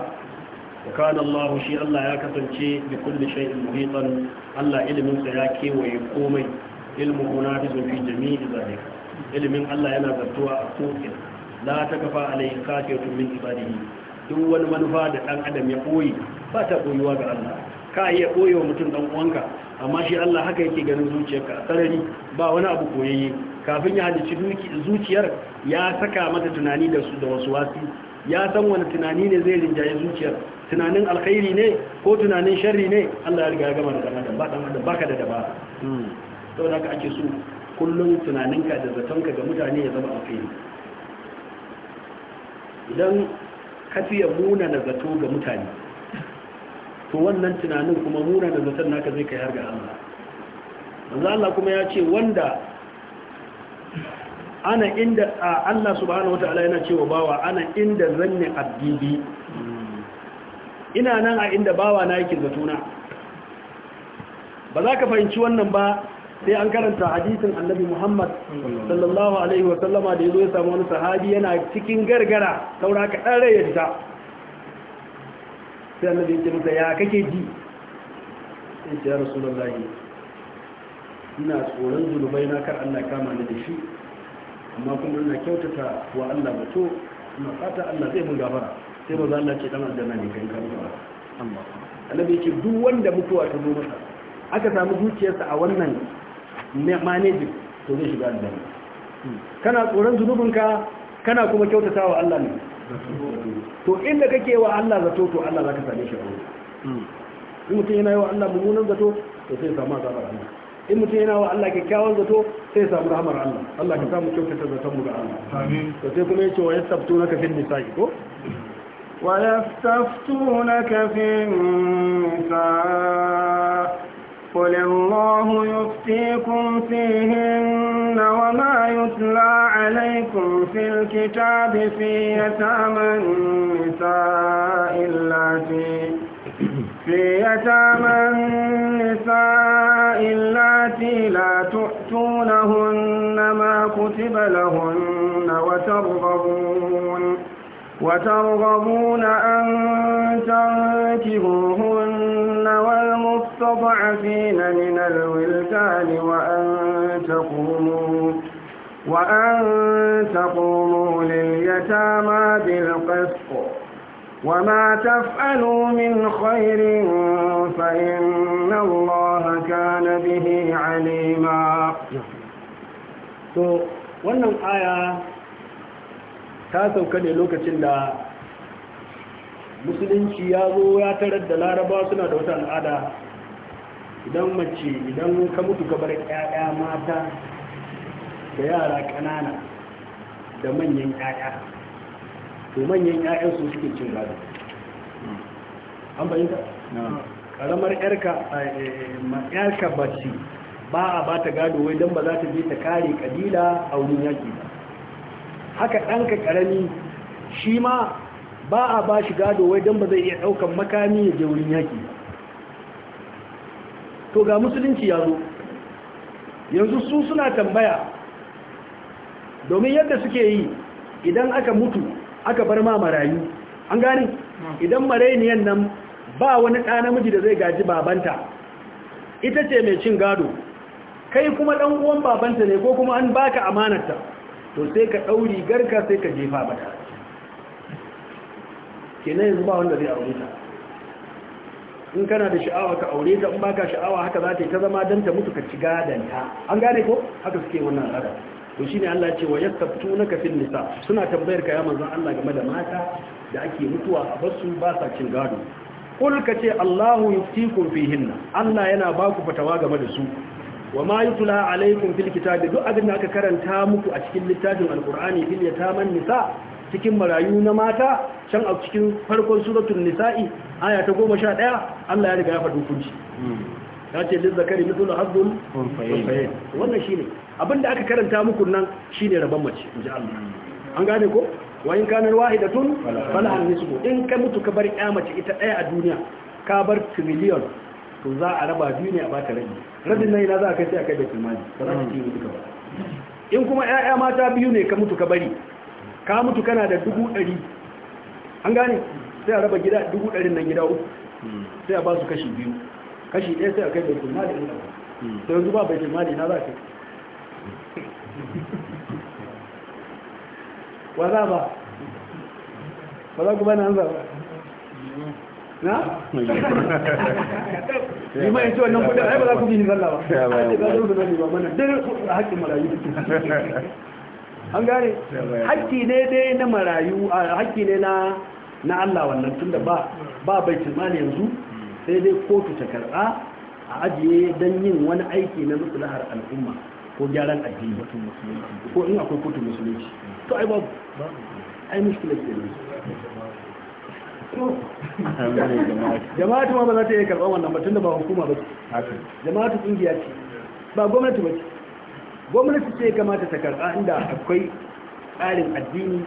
wa kana shi Allah ya kasance bi kulli shay'in muhitan Allah sa ya kewaye komai ilmu munafizu fi jami'i zalika ilimin Allah yana zartuwa a kokin la takafa alayhi kafiyatun min ibadihi duk wani manufa da dan adam ya koyi ba ta koyuwa ga Allah ka iya koyewa mutum dan uwanka amma shi Allah haka yake ganin zuciyarka sarari ba wani abu koyayye kafin ya halicci zuciyar ya saka mata tunani da su da wasu wasi ya san wani tunani ne zai rinjaye zuciyar tunanin alkhairi ne ko tunanin sharri ne Allah ya riga ya gama da dan adam baka da dabara hmm. ake so kullum tunaninka da zatonka ga mutane ya zama alkhairi idan ka fiye muna na zato ga mutane to wannan tunanin kuma muna da zaton naka zai kai har ga Allah manzo Allah kuma ya ce wanda ana inda Allah subhanahu wataala yana cewa bawa ana inda zanni abdibi, ina nan a inda bawa na yake zatona ba za ka fahimci wannan ba sai an karanta hadisin annabi Muhammad sallallahu alaihi wa sallama da yazo ya samu wani sahabi yana cikin gargara saura ka dan rayyata sai annabi ya ce ya kake ji sai ce ya rasulullahi ina tsoron zunubai na kar Allah kama ni da shi amma kuma ina kyautata wa Allah bato ina fata Allah zai mun gafara sai maza Allah ce dan aljanna ne kai ka rubuta amma annabi ya ce duk wanda mutuwa ta zo masa aka samu zuciyarsa a wannan manajin to zai shiga aljanna hmm. kana tsoron zunubinka kana kuma kyautata wa Allah ne to inda kake wa Allah zato to Allah za ka same shi a wuri hmm. in mutum yana yi wa Allah mummunan zato to sai samu azabar Allah in mutum yana wa Allah kyakkyawan zato sai samu rahamar Allah Allah ka samu kyautata zaton mu ga Allah to sai kuma yace wa yastaftunaka fil nisa'i ko wa yastaftunaka fil nisa'i قل الله يفتيكم فيهن وما يتلى عليكم في الكتاب في يتامى النساء اللاتي في يتامى النساء اللاتي لا تؤتونهن ما كتب لهن وترغبون وترغبون أن تنكبوهن المستضعفين من الولدان وأن تقوموا وأن تقوموا لليتامى بالقسط وما تفعلوا من خير فإن الله كان به عليما wannan aya ta sauka ne lokacin da musulunci ya zo ya tarar da laraba suna da wata al'ada idan mace idan ka mutu ka bar ƴaƴa mata da yara ƙanana da manyan ƴaƴa to manyan ƴaƴan su suke cin gado an fahimta karamar ƴarka e, ƴarka bashi ba a ba ta gado wai don ba za ta je ta kare kabila a wurin yaƙi ba haka ɗanka ƙarami shi ma ba a ba shi gado wai don ba zai iya ɗaukan makami ya je wurin yaƙi ba to ga musulunci ya zo yanzu su suna tambaya domin yadda suke yi idan aka mutu aka bar ma marayu an gani idan marainiyan nan ba wani ɗa namiji da zai gaji babanta ita ce mai cin gado kai kuma ɗan uwan babanta ne ko kuma an baka amanarta to sai ka ɗauri garka sai ka jefa bata kenan yanzu ba wanda zai aure ta in kana da sha'awa ka aure ta in baka sha'awa haka za ta yi ta zama don ta mutu ka ci gadanta an gane ko haka suke wannan al'ada to shine Allah ce wa yastabtu fil nisa suna tambayar ka ya manzon Allah game da mata da ake mutuwa a basu ba sa cin gado kul ka ce Allahu yuftikum fihinna Allah yana ba ku fatawa game da su wa ma yutla alaikum fil kitabi duk abin da aka karanta muku a cikin littafin alqur'ani fil yataman nisa cikin marayu na mata can a cikin farkon suratul nisa'i aya ta 11 Allah ya riga ya faɗi hukunci ya ce lil zakari mithlu hazzul unsayayn wannan shine abinda aka karanta muku nan shine rabon mace inji Allah an gane ko wa in kana wahidatun an nisbu in ka mutu ka bar ya mace ita daya a duniya ka bar trillion to za a raba biyu ne a baka rabi rabin nan ina za a kai sai a kai da kimani ba za ka ci ka ba in kuma ƴaƴa mata biyu ne ka mutu ka bari ka mutu kana da dubu ɗari an gane sai a raba gida dubu ɗari nan gida uku sai a ba su kashi biyu kashi ɗaya sai a kai bai kulma ɗin ina da yanzu ba bai kulma na za a kai wa za ba ba za ku ba na an zaba na? yi ma yanci wannan kudin ai ba za ku bi ni zalla ba ba za ku bi haƙƙin marayu an gane haƙƙi ne dai na marayu haƙƙi ne na na Allah wannan tunda ba ba baitul mali yanzu sai dai kotu ta karɓa a ajiye dan yin wani aiki na maslahar al'umma ko gyaran addini ko in akwai kotu musulunci to ai babu ai mushkilar ke nan jama'atu ma ba za ta iya karɓar wannan ba tunda ba hukuma ba jama'atu kungiya ce ba gwamnati ba ce gwamnati ce kamata ta karɓa inda akwai tsarin addini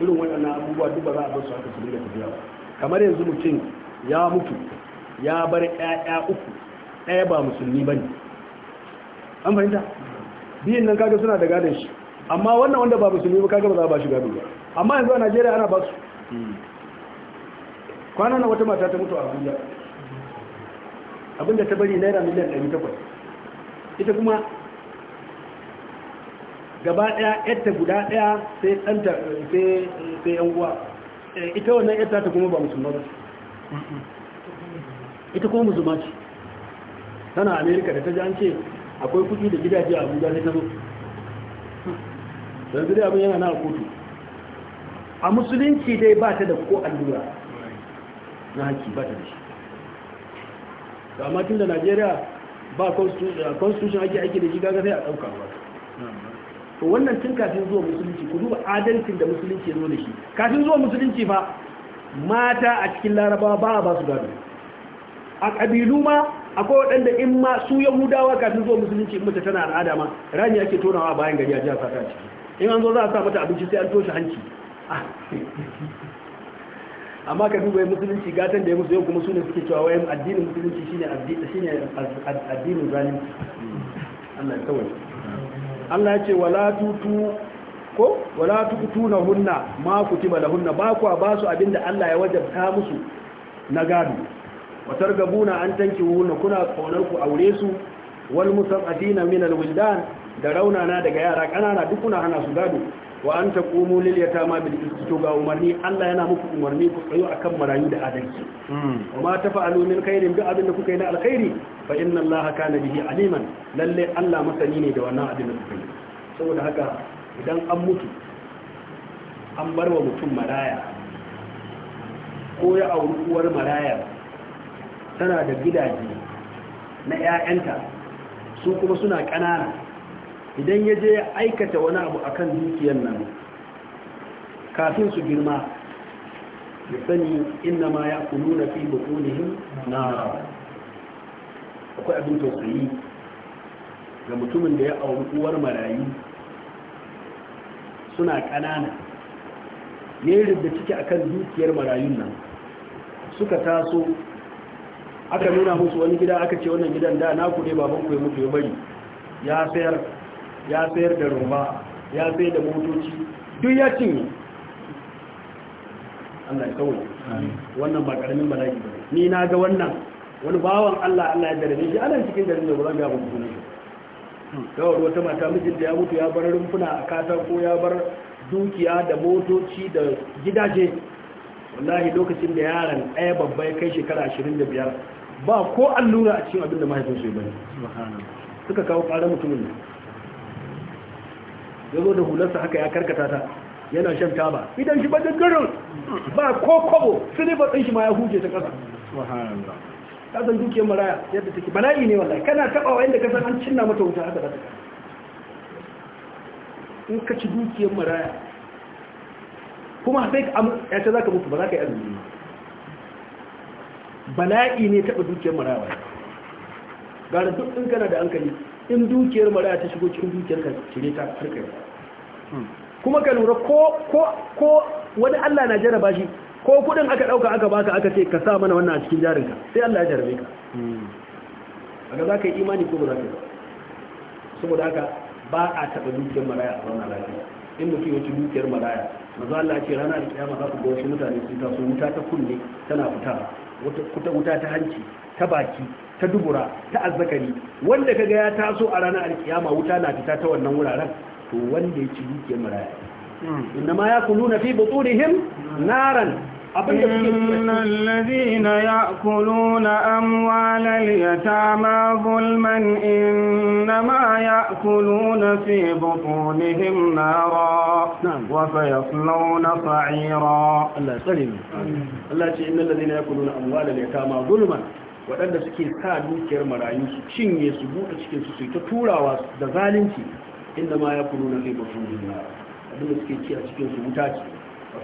irin waɗannan abubuwa duk ba za a bar su haka su dinga tafiya ba kamar yanzu mutum ya mutu ya bar ƴaƴa uku ɗaya ba musulmi ba ne. an fahimta biyun nan kaga suna da gadon shi amma wannan wanda ba musulmi ba kaga ba za a ba shi gado ba amma yanzu a Najeriya ana ba su kwanan wata mata ta mutu a abinda ta bari naira miliyan 800 ita kuma gaba ɗaya yadda guda ɗaya, sai ɗanta sai yan uwa eh, ita wannan yadda ta kuma ba musulma ba ita kuma musulma ce tana amerika da ta ji an ce akwai kuɗi da gidaje a abuja sai ta zo yanzu dai abin yana na kotu a musulunci dai ba ta da ko allura na haki ba ta da shi da amma tun da najeriya ba constitution ake aiki da shi gaga sai a ɗauka ba to wannan tun kafin zuwa musulunci ku duba adalcin da musulunci ya zo da shi kafin zuwa musulunci fa mata a cikin larabawa ba a ba su gado a ƙabilu ma akwai waɗanda in ma su yahudawa kafin zuwa musulunci mace tana al'ada ma rani ake tonawa bayan gari a jihar sata ciki in an zo za a sa mata abinci sai an toshe hanci (laughs) amma ka duba musulunci gatan da ya musu yau kuma su ne suke cewa wayan addinin musulunci shine addinin zalunci Allah ya kawai Allah ya ce wala tutu ko wala hunna ma kutiba lahunna ba ku ba su abinda Allah ya wajabta musu na gado wa gabuna an tanki hunna kuna kaunar ku aure su wal musafatina min alwildan da raunana daga yara kanana duk kuna hana su gado wa an taqumu lil yatama bil qist to ga umarni Allah yana muku umarni ku tsayo akan marayu da adalci hmm. amma tafa'alu min khairin bi abin da kuka yi na alkhairi fa inna Allah kana bihi aliman lalle Allah masani ne da wannan abin da kuka yi saboda haka idan an mutu an bar wa mutum maraya ko ya auri uwar maraya tana da gidaje na 'ya'yanta su kuma suna ƙanana idan ya je ya aikata wani abu a kan dukiyar nan kafin su girma ya sani inna ma ya kunu na fi bukunihim na akwai abin tausayi ga mutumin da ya auri uwar marayu suna ƙanana ne da ciki kan dukiyar marayun nan suka taso aka nuna musu wani gida aka ce wannan gidan da na kuɗe baban ku ya mutu ya bari ya sayar ya sayar da roma ya sayar da motoci duk ya cinye Allah ya kawai wannan ba karamin bala'i ba ni na ga wannan wani bawan Allah Allah ya darbe shi ana cikin garin da ba zan ga ba kuma shi kawai wata mata mijinta ya mutu ya bar rumfuna a katako ya bar dukiya da motoci da gidaje wallahi lokacin da yaron ɗaya babba ya kai shekara ashirin da biyar ba ko allura a cikin abin da mahaifinsu ya bane suka kawo ƙarar mutumin nan ya zo da hularsa haka ya karkata ta yana shan taba idan shi bada garin ba ko kobo silibar ɗin shi ma ya huje ta ƙasa ta san dukiyar maraya yadda take bala'i ne wallahi kana taɓa wa inda kasan an cinna mata wuta haka da ta in ka ci dukiyar maraya kuma sai ka ya ce za ka mutu ba za ka yi azumi bala'i ne taɓa dukiyar maraya gara duk ɗin kana da hankali in dukiyar maraya ta shigo cikin dukiyar ka cire ta harkar hmm. kuma ka lura ko wani Allah na jaraba shi ko kudin aka dauka aka baka aka ce ka sa mana wannan a cikin jarinka sai Allah ya jarabe ka hmm. aga za ka yi imani ko ba za ka yi saboda haka ba a taɓa dukiyar maraya a zauna lafiya in mutum ya ci dukiyar maraya manzo Allah ce rana da kiyama za ku ga wasu mutane sun taso wuta ta kunne tana fita wata wuta ta hanci ta baki ta dubura ta azzakari wanda ka kaga ya taso a ranar alkiyama wuta na fita ta wannan wuraren to wanda ya ci dukiyar maraya hmm. inna ma yakuluna fi butunihim naran إن الذين يأكلون أموال اليتامى ظلما إنما يأكلون في بطونهم نارا وسيصلون صعيرا الله سلم الله إن الذين يأكلون أموال اليتامى ظلما waɗanda suke sa dukiyar marayu su cinye su buɗe cikinsu su ta turawa da zalunci inda ma ya kulu na zai Abin da suke ci a cikinsu wuta ce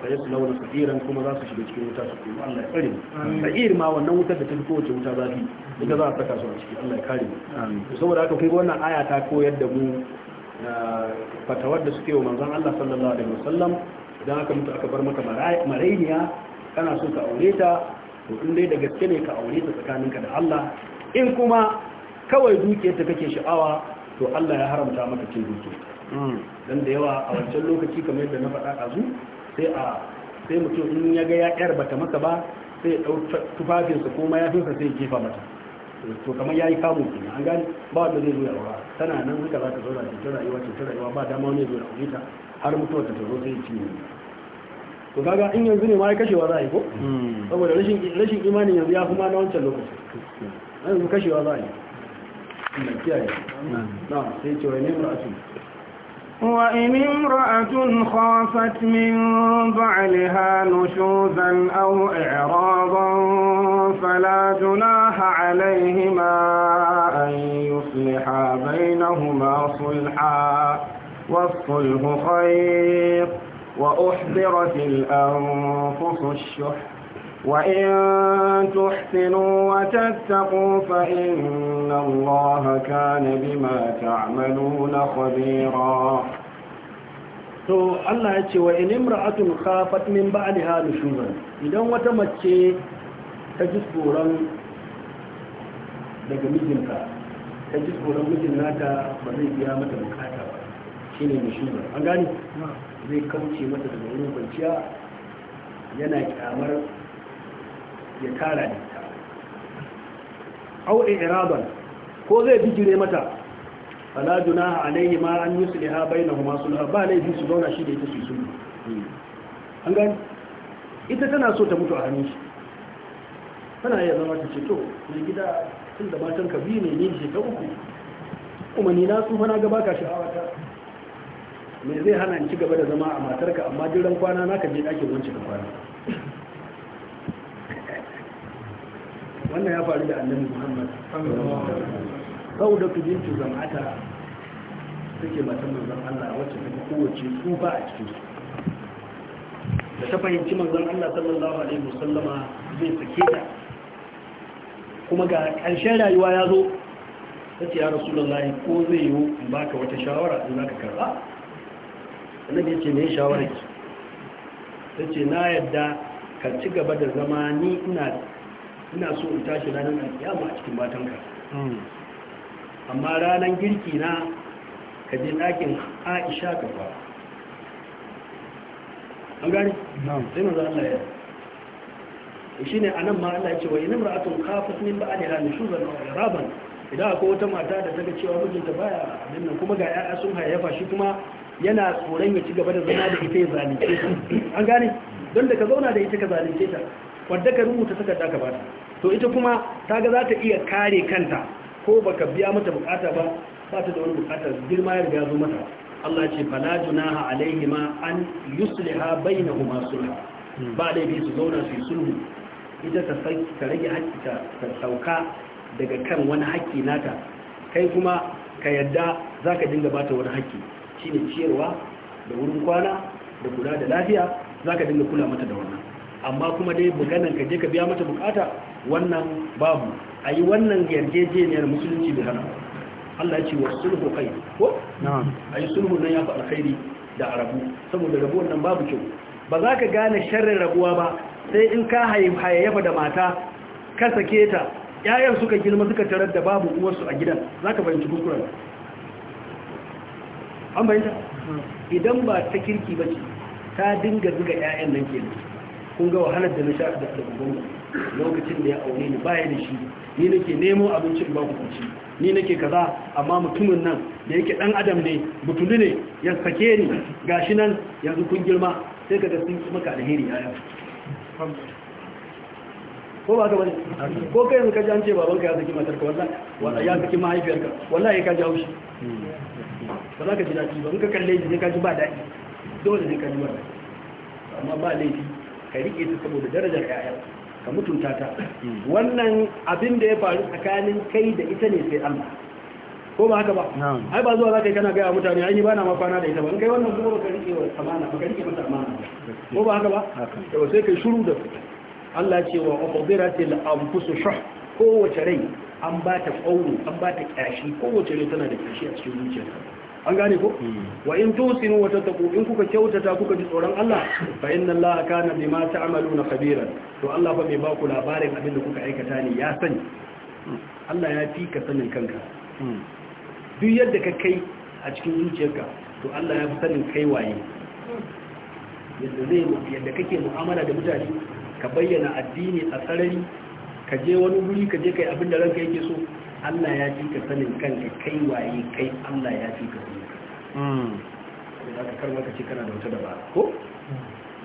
fa yaslawna sa'iran kuma za su shiga cikin wuta su kuma Allah ya kare mu ma wannan wutar da ta fi kowace wuta zafi ita za a saka su a ciki Allah ya kare mu saboda haka kun ga wannan aya ta koyar da mu fatawar da suke wa manzon Allah sallallahu alaihi wasallam idan aka mutu aka bar maka marainiya kana so ka aure ta to in dai da gaske ne ka aure ta tsakaninka da Allah in kuma kawai dukiyar ta kake sha'awa to Allah ya haramta maka cin dukiyar dan da yawa a wancan lokaci kamar yadda na faɗa a zu sai a sai mutum in ya ga ya ƙyar bata masa ba sai ya ɗau tufafinsa ko mayafinsa sai ya jefa mata to kamar ya yi kamun kenan an gani ba wanda zai zo ya aura tana nan haka za ta zo da cutar rayuwa cutar rayuwa ba dama wani zo ya aure ta har mutuwar ta zo sai ya ci to kaga in yanzu ne ma ya kashewa za a yi ko hmm. saboda rashin imanin yanzu ya kuma na wancan lokaci yanzu kashewa za a yi na kiyaye na sai ce wai ne mura'atu وإن امرأة خافت من بعلها نشوزا أو إعراضا فلا جناح عليهما أن يصلحا بينهما صلحا والصلح خير وأحضرت الأنفس الشح وإن تحسنوا وتتقوا فإن الله كان بما تعملون خبيرا to Allah ya ce wa in imra'atun khafat min ba'liha nushuzan idan wata mace ta ji tsoron daga mijinta ta ji tsoron mijin nata ba zai biya mata bukata ba shine nushuzan an gani zai kauce mata daga wurin kwanciya yana kyamar ya kara ne au a i'raban ko zai bijire mata fala a alaihi ma an na kuma suna ba laifi su zauna shi da ita su sulhu an gani ita tana so ta mutu a hannun shi tana iya zama ta ce to mai gida tun da matan ka biyu ne ne ce ta uku kuma ni na tsufa na gaba ka sha'awa ta me zai hana in ci gaba da zama a matarka amma jiran kwana na ka je ɗakin wancan kwana wannan ya faru da annabi muhammad saboda ku bintu zam'ata suke matan manzon Allah wacce kuma kowace tsufa a cikin su da ta fahimci manzon Allah sallallahu alaihi musallama zai sake ta kuma ga ƙarshen rayuwa ya zo ta ce ya rasu da rasulullahi ko zai yiwu in baka wata shawara in za ka karba annabi ya ce me shawara ki ta ce na yadda ka ci gaba da zama ni ina ina so in tashi ranar alkiyama a cikin batanka hmm. amma ranar girki na ka je ɗakin aisha ka fara an gari sai manzo Allah ya shi ne a nan ma Allah ce wa yi namar atun kafin min ba a da hannu shugaban raban idan akwai wata mata da ta ga cewa mijinta baya abin nan kuma ga ya'ya sun hayayyafa shi kuma yana tsoron ya ci gaba da zama da ita ya zalunce ta an gane don da ka zauna da ita ka zalunce ta wadda ka rubuta takarda ka bata to ita kuma ta ga za ta iya kare kanta ko baka biya mata bukata ba ba ta da wani bukata girma ya zo mata Allah ce la junaha alaihima an yusliha bainahuma sulh ba bi su zauna su sulhu ita ta ta rage haƙƙi ta sauka daga kan wani haƙƙi nata kai kuma ka yadda zaka dinga bata wani haƙƙi shine ciyarwa da wurin kwana da kula da lafiya zaka dinga kula mata da wannan amma kuma dai buganan ka je ka biya mata bukata wannan babu a yi wannan yarjejeniyar musulunci da hana Allah ya ce wa sulhu kai ko a yi sulhu nan ya fi alkhairi da arabu saboda rabuwan nan babu kyau ba za ka gane sharrin rabuwa ba sai in ka hayayyafa da mata ka sake ta yayan suka girma suka tarar da babu uwarsu a gidan za ka fahimci kuskuren an bayyanta hmm. idan ba ta kirki ba ce ta dinga zuga yayan nan kenan kun ga wahalar da na sha da gugungu lokacin da ya aure ni baya da shi ni nake nemo abincin ba ku ci ni nake kaza amma mutumin nan da yake dan adam ne butulu ne ya sake ni gashi nan yanzu kun girma sai kaga sun ci maka alheri yaya ko ba ka bane ko kai yanzu ka ji an ce babanka ya saki matarka wallahi wallahi ya saki mahaifiyarka wallahi ka ji haushi ba za ka ji dadi ba in ka kalle shi ne ka ji ba daɗi dole ne ka ji ba amma ba laifi ka rike ta saboda darajar 'ya'ya ka mutunta ta wannan abin da ya faru tsakanin kai da ita ne sai Allah ko ba haka ba ai ba zuwa za ka yi kana gaya mutane ai ni ba na makwana da ita ba kai wannan kuma ka rike wa amana ka rike mata amana ko ba haka ba to sai kai shiru da Allah ce wa ubdiratil anfusu shuh kowace rai an ba ta kauro an ba ta ko kowace rai tana da kashi a cikin zuciyarta an gane ko hmm. wa in tusinu wa tattaqu in kuka kyautata kuka ji tsoron Allah fa inna Allah kana bima ta'maluna khabira to Allah fa bai ba ku labarin abin da kuka aikata ne ya sani hmm. Allah ya fi ka sanin kanka hmm. duk yadda ka kai a cikin zuciyarka to Allah ya fi sanin kai waye yadda zai yadda kake mu'amala da mutane ka bayyana addini a sarari ka je wani wuri ka je kai abin da ranka yake so Allah ya fi ka sanin kanka kai waye kai Allah ya fi ka sanin kanka mmm idan ka karba ka ce kana da wata dabara ko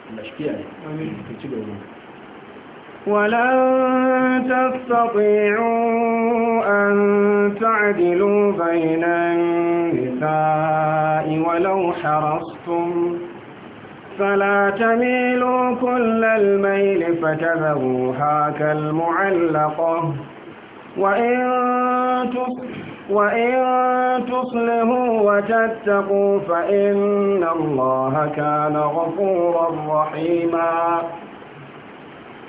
Allah shi ya amin ka ci gaba ولن تستطيعوا أن تعدلوا بين النساء ولو حرصتم فلا تميلوا كل الميل فتذروها كالمعلقة وإن وإن تصلحوا وتتقوا فإن الله كان غفورا رحيما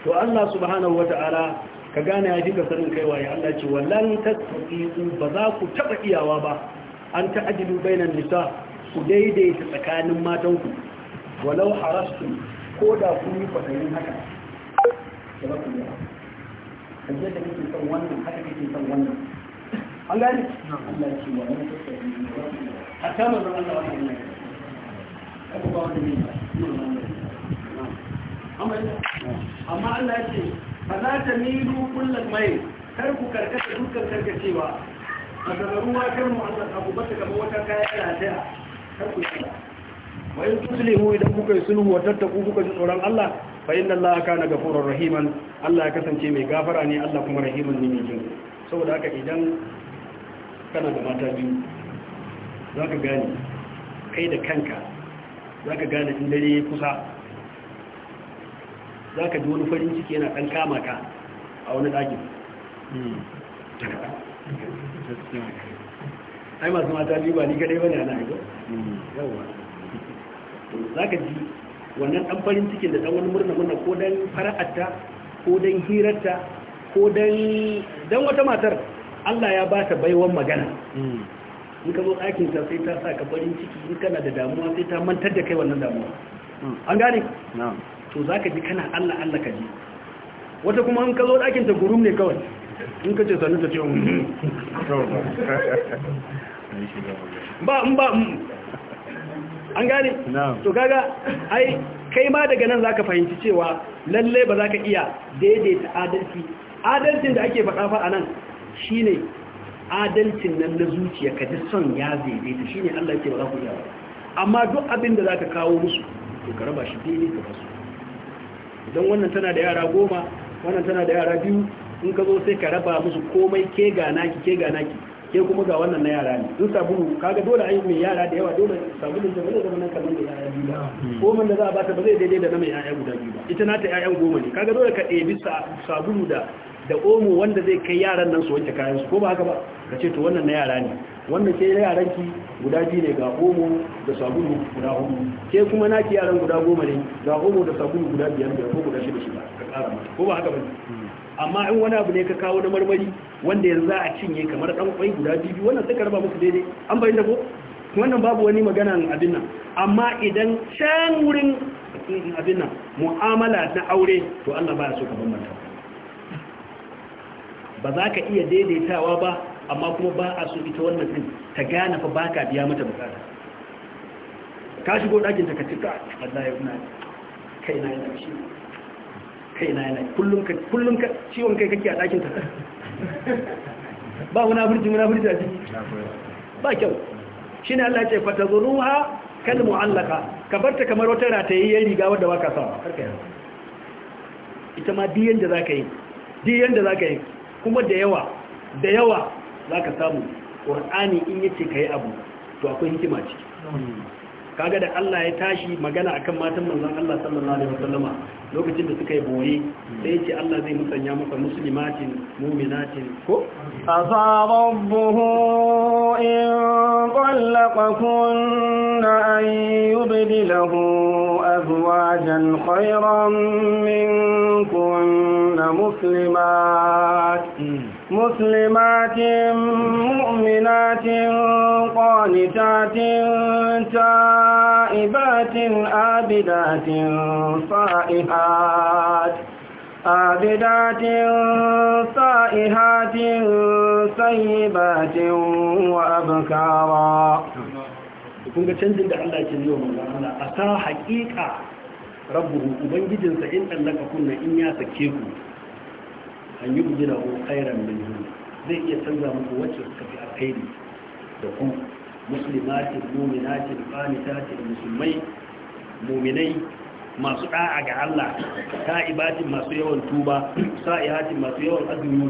to Allah subhanahu wata'ala ka gane ya dinga sanin kaiwa ya Allah ce wallan tasfiqu ba za ku taba iyawa ba an ta'dilu bainan nisa ku daidaita tsakanin matan ku walau harastu ko da kun yi fadayin haka ba ka je da kake son wannan haka kake son wannan an gane Allah ce wa wani tattali a kama zama da wannan ne aka ba wanda ne ba amma Allah ya ce ba za ta milu kullum mai kar ku karkata dukkan karkacewa a zararu wa kan mu Allah abu ba ta gaba wata kaya da daya kar ku yi ba wa in mu idan kuka yi sulhu wa tattaku kuka ji tsoron Allah fa inna ka na ghafurur rahiman allah ya kasance mai gafara ne allah kuma rahiman ne mai jin saboda haka idan kana da mata biyu ka gane kai da kanka za ka gane in dare kusa za ka ji wani farin ciki yana dan kama ka a wani ɗakin ai masu mata biyu ba ni kadai bane ana ido mm. yawa za ka ji wannan dan farin cikin da dan wani murna murna ko dan fara'atta ko dan hirarta ko dan dan wata matar Allah ya ba ta baiwan magana hmm. in ka zo ɗakin ta sai ta sa ka farin ciki in kana da damuwa sai ta mantar da kai wannan damuwa hmm. an gane to za ka ji kana Allah Allah ka ji wata kuma in ka zo ɗakin ta gurum ne kawai in ka ce sanu ta ce hmm. (laughs) ba ba an gane to kaga ai kai ma daga nan zaka fahimci cewa lalle ba zaka iya daidaita adalci adalcin da ake faɗa fa anan shine adalcin nan na zuciya ka ji son ya daidaita shine Allah yake ba za ku iya ba amma duk abin da zaka kawo musu to ka raba shi daidai ka basu idan wannan tana da yara goma wannan tana da yara biyu in ka zo sai ka raba musu komai ke ga naki ke ga naki ke kuma ga wannan na yara ne duk sabulu kaga dole ai mai yara da yawa dole sabu da zai zama nan kamar da yaya biyu hmm. ko man da za a bata ba zai daidai da na mai yaya guda biyu ba ita na ta yaya goma ne kaga dole ka ɗebi sabulu da da omo wanda zai kai yaran nan su wanke kayan su ko ba haka ba ka ce to wannan na yara ne wannan ke yaran ki guda biyu ne ga omo da sabulu guda hudu ke kuma naki yaran guda goma ne ga omo da sabulu guda biyar biyar ko guda shida shida ka ƙara mata ko ba haka ba amma in wani abu ne ka kawo na marmari wanda yanzu za a cinye kamar dan kwai guda biyu wannan sai ka raba musu daidai an bayyana ko wannan babu wani magana abin nan amma idan can wurin abin nan mu'amala na aure to Allah baya so ka bambanta ba za ka iya daidaitawa ba amma kuma ba a so ita wannan din ta gane fa baka biya mata bukata ka shigo dakin ta ka tuka ya ina kai na yana shi. kai na yana kullum ka kullum ka ciwon kai kake a dakin ka ba wani burji wani burji a ciki ba kyau shine Allah ya ce fatazuruha kal mu'allaka ka barta kamar wata ratayayyen riga wadda baka sawa karka yana ita ma diyan da zaka yi diyan da zaka yi kuma da yawa da yawa zaka samu qur'ani in yace kai abu to akwai hikima ciki kaga da Allah ya tashi magana akan matan manzon Allah sallallahu alaihi wasallama lokacin da suka yi boye sai ya ce Allah zai musanya masa muslimatin mu'minatin ko asa rabbuhu in qallaqakunna an yubdilahu azwajan khayran minkunna muslimat مسلمات مؤمنات قانتات تائبات تائبات آبدات صائحات عابدات صائحات سيبات وأبكارا kun ga canjin da Allah ke yi wa manzon a ta haƙiƙa rabbuhu ubangijinsa in dallaka kunna in ya sake ku an yi bujina ko khairan min zai iya canza muku wacce suka fi alkhairi da kuma muslimatin muminatin qanitatin musulmai muminai masu da'a ga Allah ta'ibatin masu yawan tuba sa'ihatin masu yawan azumi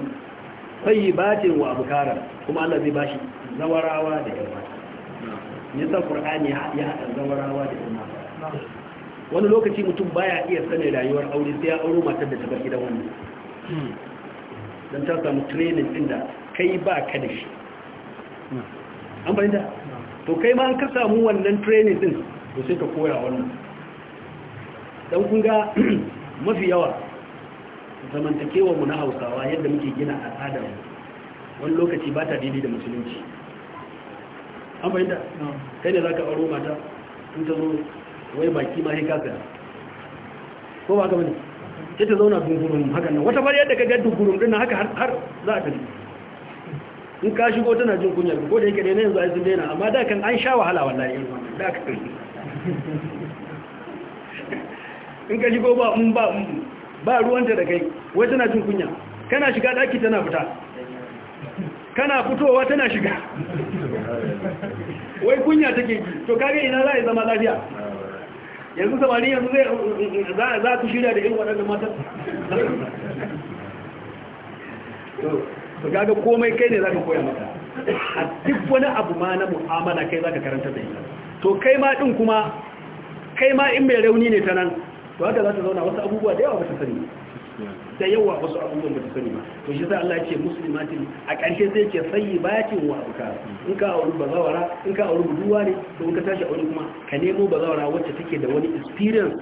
tayyibatin wa abkara kuma Allah zai bashi zawarawa da yawa yasa qur'ani ya hada zawarawa da yawa wani lokaci mutum baya iya sani rayuwar aure sai ya aure matar da ta bar gidan wannan dan ta samu training din da kai ba ka da shi an bayyana to kai ma an ka samu wannan training din to sai ka koya wannan Dan kun ga (clears throat) mafi yawa zamantakewa mu na hausawa yadda muke gina al'adar wani lokaci ba ta daidai da musulunci an fahimta kai ne za ka aro mata in ta zo wai baki ma sai kasa ko ba ka bane sai ta zauna dungurun hakan nan wata bari yadda ka ga dungurun din haka har za a tafi in ka shigo tana jin kunya ko da yake daina yanzu ai sun daina amma da kan an sha wahala wallahi da ka (laughs) in ka shigo ba in ba ba ruwanta da kai wai tana jin kunya kana shiga daki tana fita kana fitowa tana shiga (laughs) wai kunya take to kage ina za a zama lafiya yanzu samari yanzu zai za ku shirya da irin waɗanda matan (laughs) to kaga komai kai ne zaka koya maka a duk wani abu ma na mu'amala kai zaka karanta da ita to kai ma din kuma kai ma in mai rauni ne ta nan to haka za ta zauna wasu abubuwa da yawa ba ta sani da yawa wasu abubuwan ba ta sani ba to shi sai Allah ya ce muslimatin a ƙarshe sai ce sayi ce wa abuka in ka auri bazawara in ka auri buduwa ne to in ka tashi aure kuma ka nemo bazawara wacce take da wani experience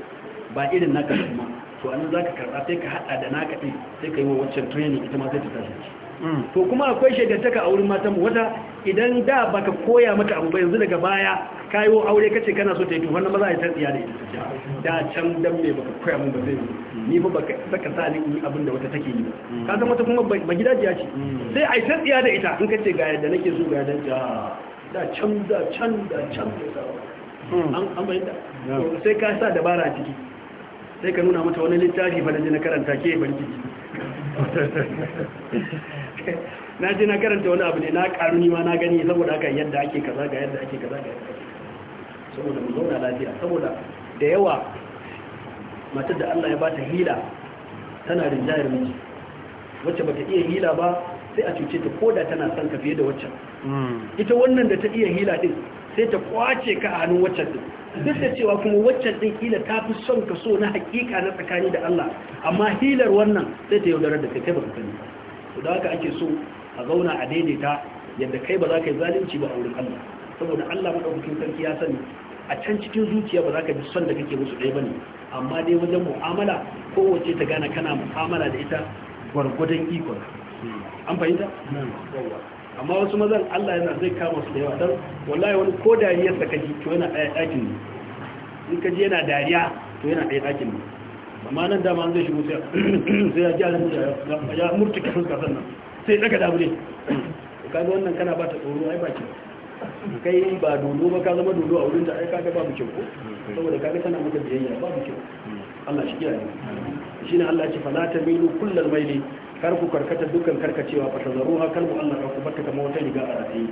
ba irin naka kuma to an za ka karɓa sai ka haɗa da naka din sai ka yi wa waccan training ita ma sai ta tashi to kuma akwai shagantaka a wurin matan wata idan da baka koya mata abu ba yanzu daga baya kayo aure kace kana so ta yi to wannan maza ya tsiya ne da can dan me baka koya mun ba zai ni ba baka sa ni yi abin da wata take yi ka san wata kuma ba gidajiya ce sai ai tsiya da ita in kace ga yadda nake so ga yadda ah, da can da can da can hmm. an an da sai ka sa dabara a ciki sai ka nuna mata wani littafi fa da na karanta ke barki (laughs) (laughs) na je na karanta wani abu ne na karu ni ma na gani saboda haka yadda ake kaza ga yadda ake kaza ga yadda saboda mu zauna lafiya saboda da yawa matar da Allah ya bata hila tana rinjayar miji wacce ba ta iya hila ba sai a cuce ta koda tana son ka fiye da waccan hmm. ita wannan da ta iya hila din sai ta kwace ka a hannun waccan din duk da cewa kuma waccan din hila ta fi son ka so na hakika na tsakani da Allah amma hilar wannan sai ta yaudarar da kai kai ba ka sani ba to da haka ake so a zauna a daidaita yadda kai ba za ka yi zalunci ba a wurin Allah saboda Allah madaukakin sarki ya sani a can cikin zuciya ba za ka ji son da kake musu ɗaya bane amma dai wajen mu'amala kowace ta gane kana mu'amala da ita gwargwadon ikon an fahimta amma wasu mazan Allah yana zai kama su da yawa dan wallahi wani ko dariya sa to yana ɗaya ɗakin ne in ka ji yana dariya to yana ɗaya ɗakin ne amma nan dama an zai shigo sai (clears throat) ya gyara murya ya kafin kasar nan sai daga dabure kaga wannan kana ba ta tsoro ai baki kai ba dodo ba ka zama dodo a wurin da ai kaga babu kyau saboda kaga tana maka biyayya babu kyau Allah shi kiyaye shine Allah ce fala tamilu kullal maili kar ku karkata dukkan karkacewa fa ha kalbu Allah ka ku barka kamar wata riga a rafi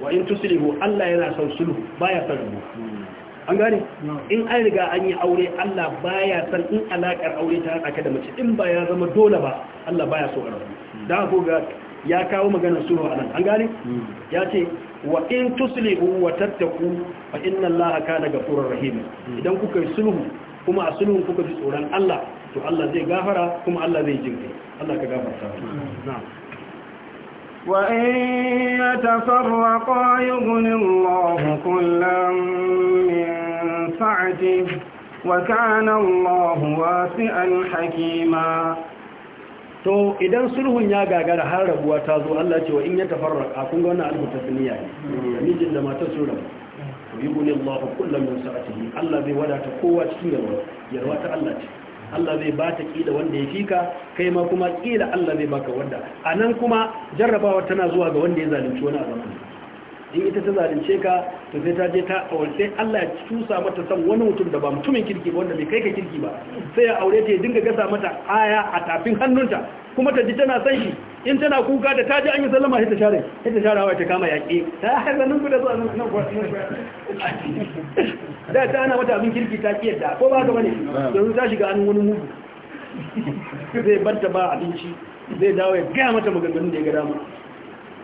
wa in tuslihu Allah yana son sulhu baya son an gane in an riga an yi aure Allah baya san in alakar aure ta haka da mace in ba ya zama dole ba Allah baya so rabu da ko ga ya kawo maganar sulhu anan an gane ya ce wa in tuslihu wa tattaku fa inna Allah kana ghafurur rahim idan kuka yi sulhu kuma a sulhun kuka ji tsoron Allah to Allah zai gafara kuma Allah zai jinkai Allah ka gafarta na'am وإن يتفرقا يغني الله كلا من سعته وكان الله واسعا حكيما to idan sulhun ya gagara har rabuwa ta zo Allah ce wa in ya tafarraka kun ga wannan almutasniya ne mijin da matar su rabu to yughni Allah kullam min sa'atihi Allah bai wadata kowa cikin yarwa yarwa ta Allah ce Allah zai ba ta kila wanda ya fika kai ma kuma kila Allah zai baka wanda nan kuma jarrabawa tana zuwa ga wanda ya zalunci wani a zamanin in ita ta zalunce ka to sai ta je ta aure sai Allah ya tusa mata san wani mutum da ba mutumin kirki ba wanda bai kai ka kirki ba sai ya aure ta ya dinga gasa mata aya a tafin hannunta kuma ta ji tana san shi in tana kuka da ta ji an yi sallama sai ta share sai ta share ta kama yaƙi ta da nan gudu zuwa nan da ta ana mata abin kirki ta kiyar da ko ba ka bane yanzu ta shiga an wani mugu zai ta ba abinci zai dawo ya gaya mata maganganun da ya ga dama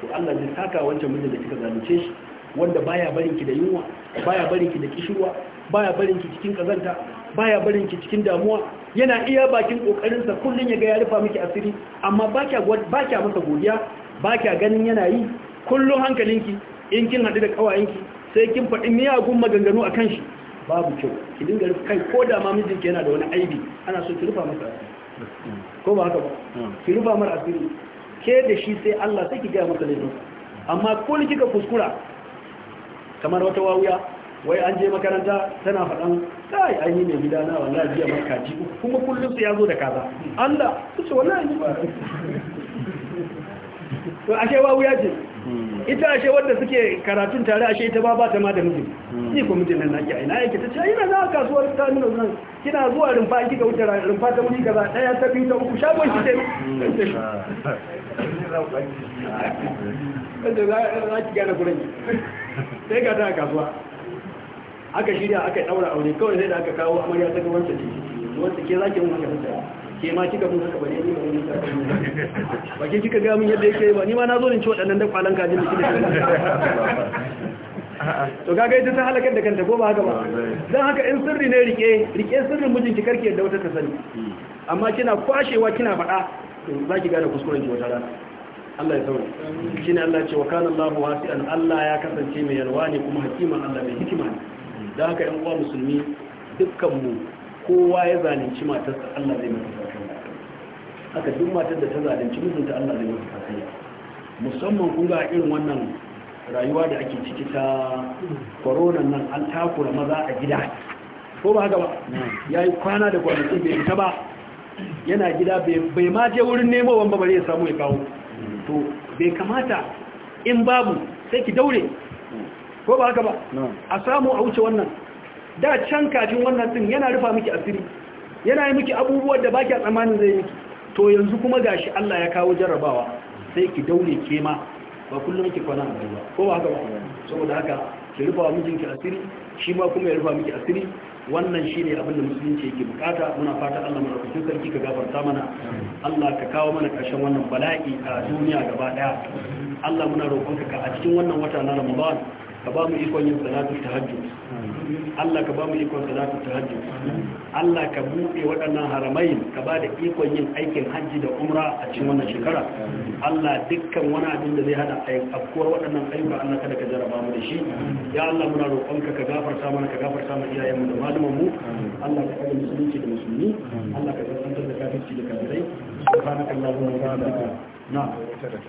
to Allah zai saka wancan mijin da kika zalunce shi wanda baya barin ki da yunwa baya barin ki da kishirwa baya barin ki cikin kazanta baya barin ki cikin damuwa yana iya bakin kokarin sa kullun ya ga ya rufa miki asiri amma ba kya masa godiya ba kya ganin yana yi kullun hankalinki in kin hadu da kawayenki sai kin faɗi miyagun maganganu akan shi babu kyau ki dinga rufa kai ko da ma mijinki yana da wani aibi ana so ki rufa masa asiri ko ba haka ba hmm. ki rufa mara asiri ke da shi sai Allah sai ki gaya maka laifin amma ko ni kika kuskura kamar wata wawuya wai an je makaranta tana faɗan kai an yi mai gida na wallahi biya maka kuma kullum sai ya zo da kaza Allah su ce wallahi ni ba to ashe wawuya ce ita ashe wanda suke karatun tare ashe ita ba ba ta ma da mijin ni ko mijin nan naki ina yake ta ce ina za kasuwar ta nuna nan kina zuwa rumfa kika wuce rumfa ta wuri kaza daya ta biyu ta uku shagon shi ta wanda za ki gane kuren sai ga ta kasuwa aka shirya aka daura aure kawai sai da aka kawo amarya ta gaban ta ciki wanda ke za mun yi wanda ke ma kika mun haka bane ne ba mun haka ba ke kika ga mun yadda yake ba ni ma na zo ne ci wadannan da kwalan kajin da kike to kaga ita ta halakar da kanta ko ba haka ba dan haka in sirri ne rike rike sirrin mijinki karki yadda wata ta sani amma kina kwashewa kina faɗa za ki gane kuskuren ki wata rana Allah ya sauri shi ne Allah ce wa kana Allah wasi'an Allah ya kasance mai yalwa ne kuma hakiman Allah mai hikima ne da haka yan uwa musulmi dukkan mu kowa ya zalunci matarsa Allah zai mata sakayya haka duk matar da ta zalunci mijinta Allah zai mata sakayya musamman kun ga irin wannan rayuwa da ake ciki ta corona nan an takura maza a gida ko ba haka ba yayi kwana da kwanakin bai fita ba yana gida bai ma je wurin nemo wanda ba zai samu ya kawo to bai kamata in babu sai ki daure ko ba haka ba a samu a wuce wannan da can kafin wannan din yana rufa miki asiri yana yi miki abubuwan da baki a tsammani zai miki to yanzu kuma gashi Allah ya kawo jarrabawa sai ki daure ke ma ba kullum ki kwana a ko ba haka ba saboda haka ki rufa mijinki asiri shi ma kuma ya rufa miki asiri wannan shine abin da musulunci yake bukata muna fata Allah na kuce sarki ka gafarta mana Allah ka kawo mana ƙarshen wannan bala'i a duniya gaba daya Allah muna roƙonka ka a cikin wannan wata na Ramadan ka ba mu ikon yin salatu ta tahajjud Allah ka ba mu ikon salatu ta tahajjud Allah ka buɗe waɗannan haramai ka ba da ikon yin aikin hajji da umra a cikin wannan shekara Allah dukkan wani abin da zai hada afkuwar waɗannan ayyuka Allah kada ka jaraba mu da shi ya Allah muna roƙonka ka gafarta mana ka gafarta mana iyayen mu da malaman mu Allah ka kada musulunci da musulmi Allah ka gafarta da kafirci da kafirai subhanakallahumma wa bihamdika na'am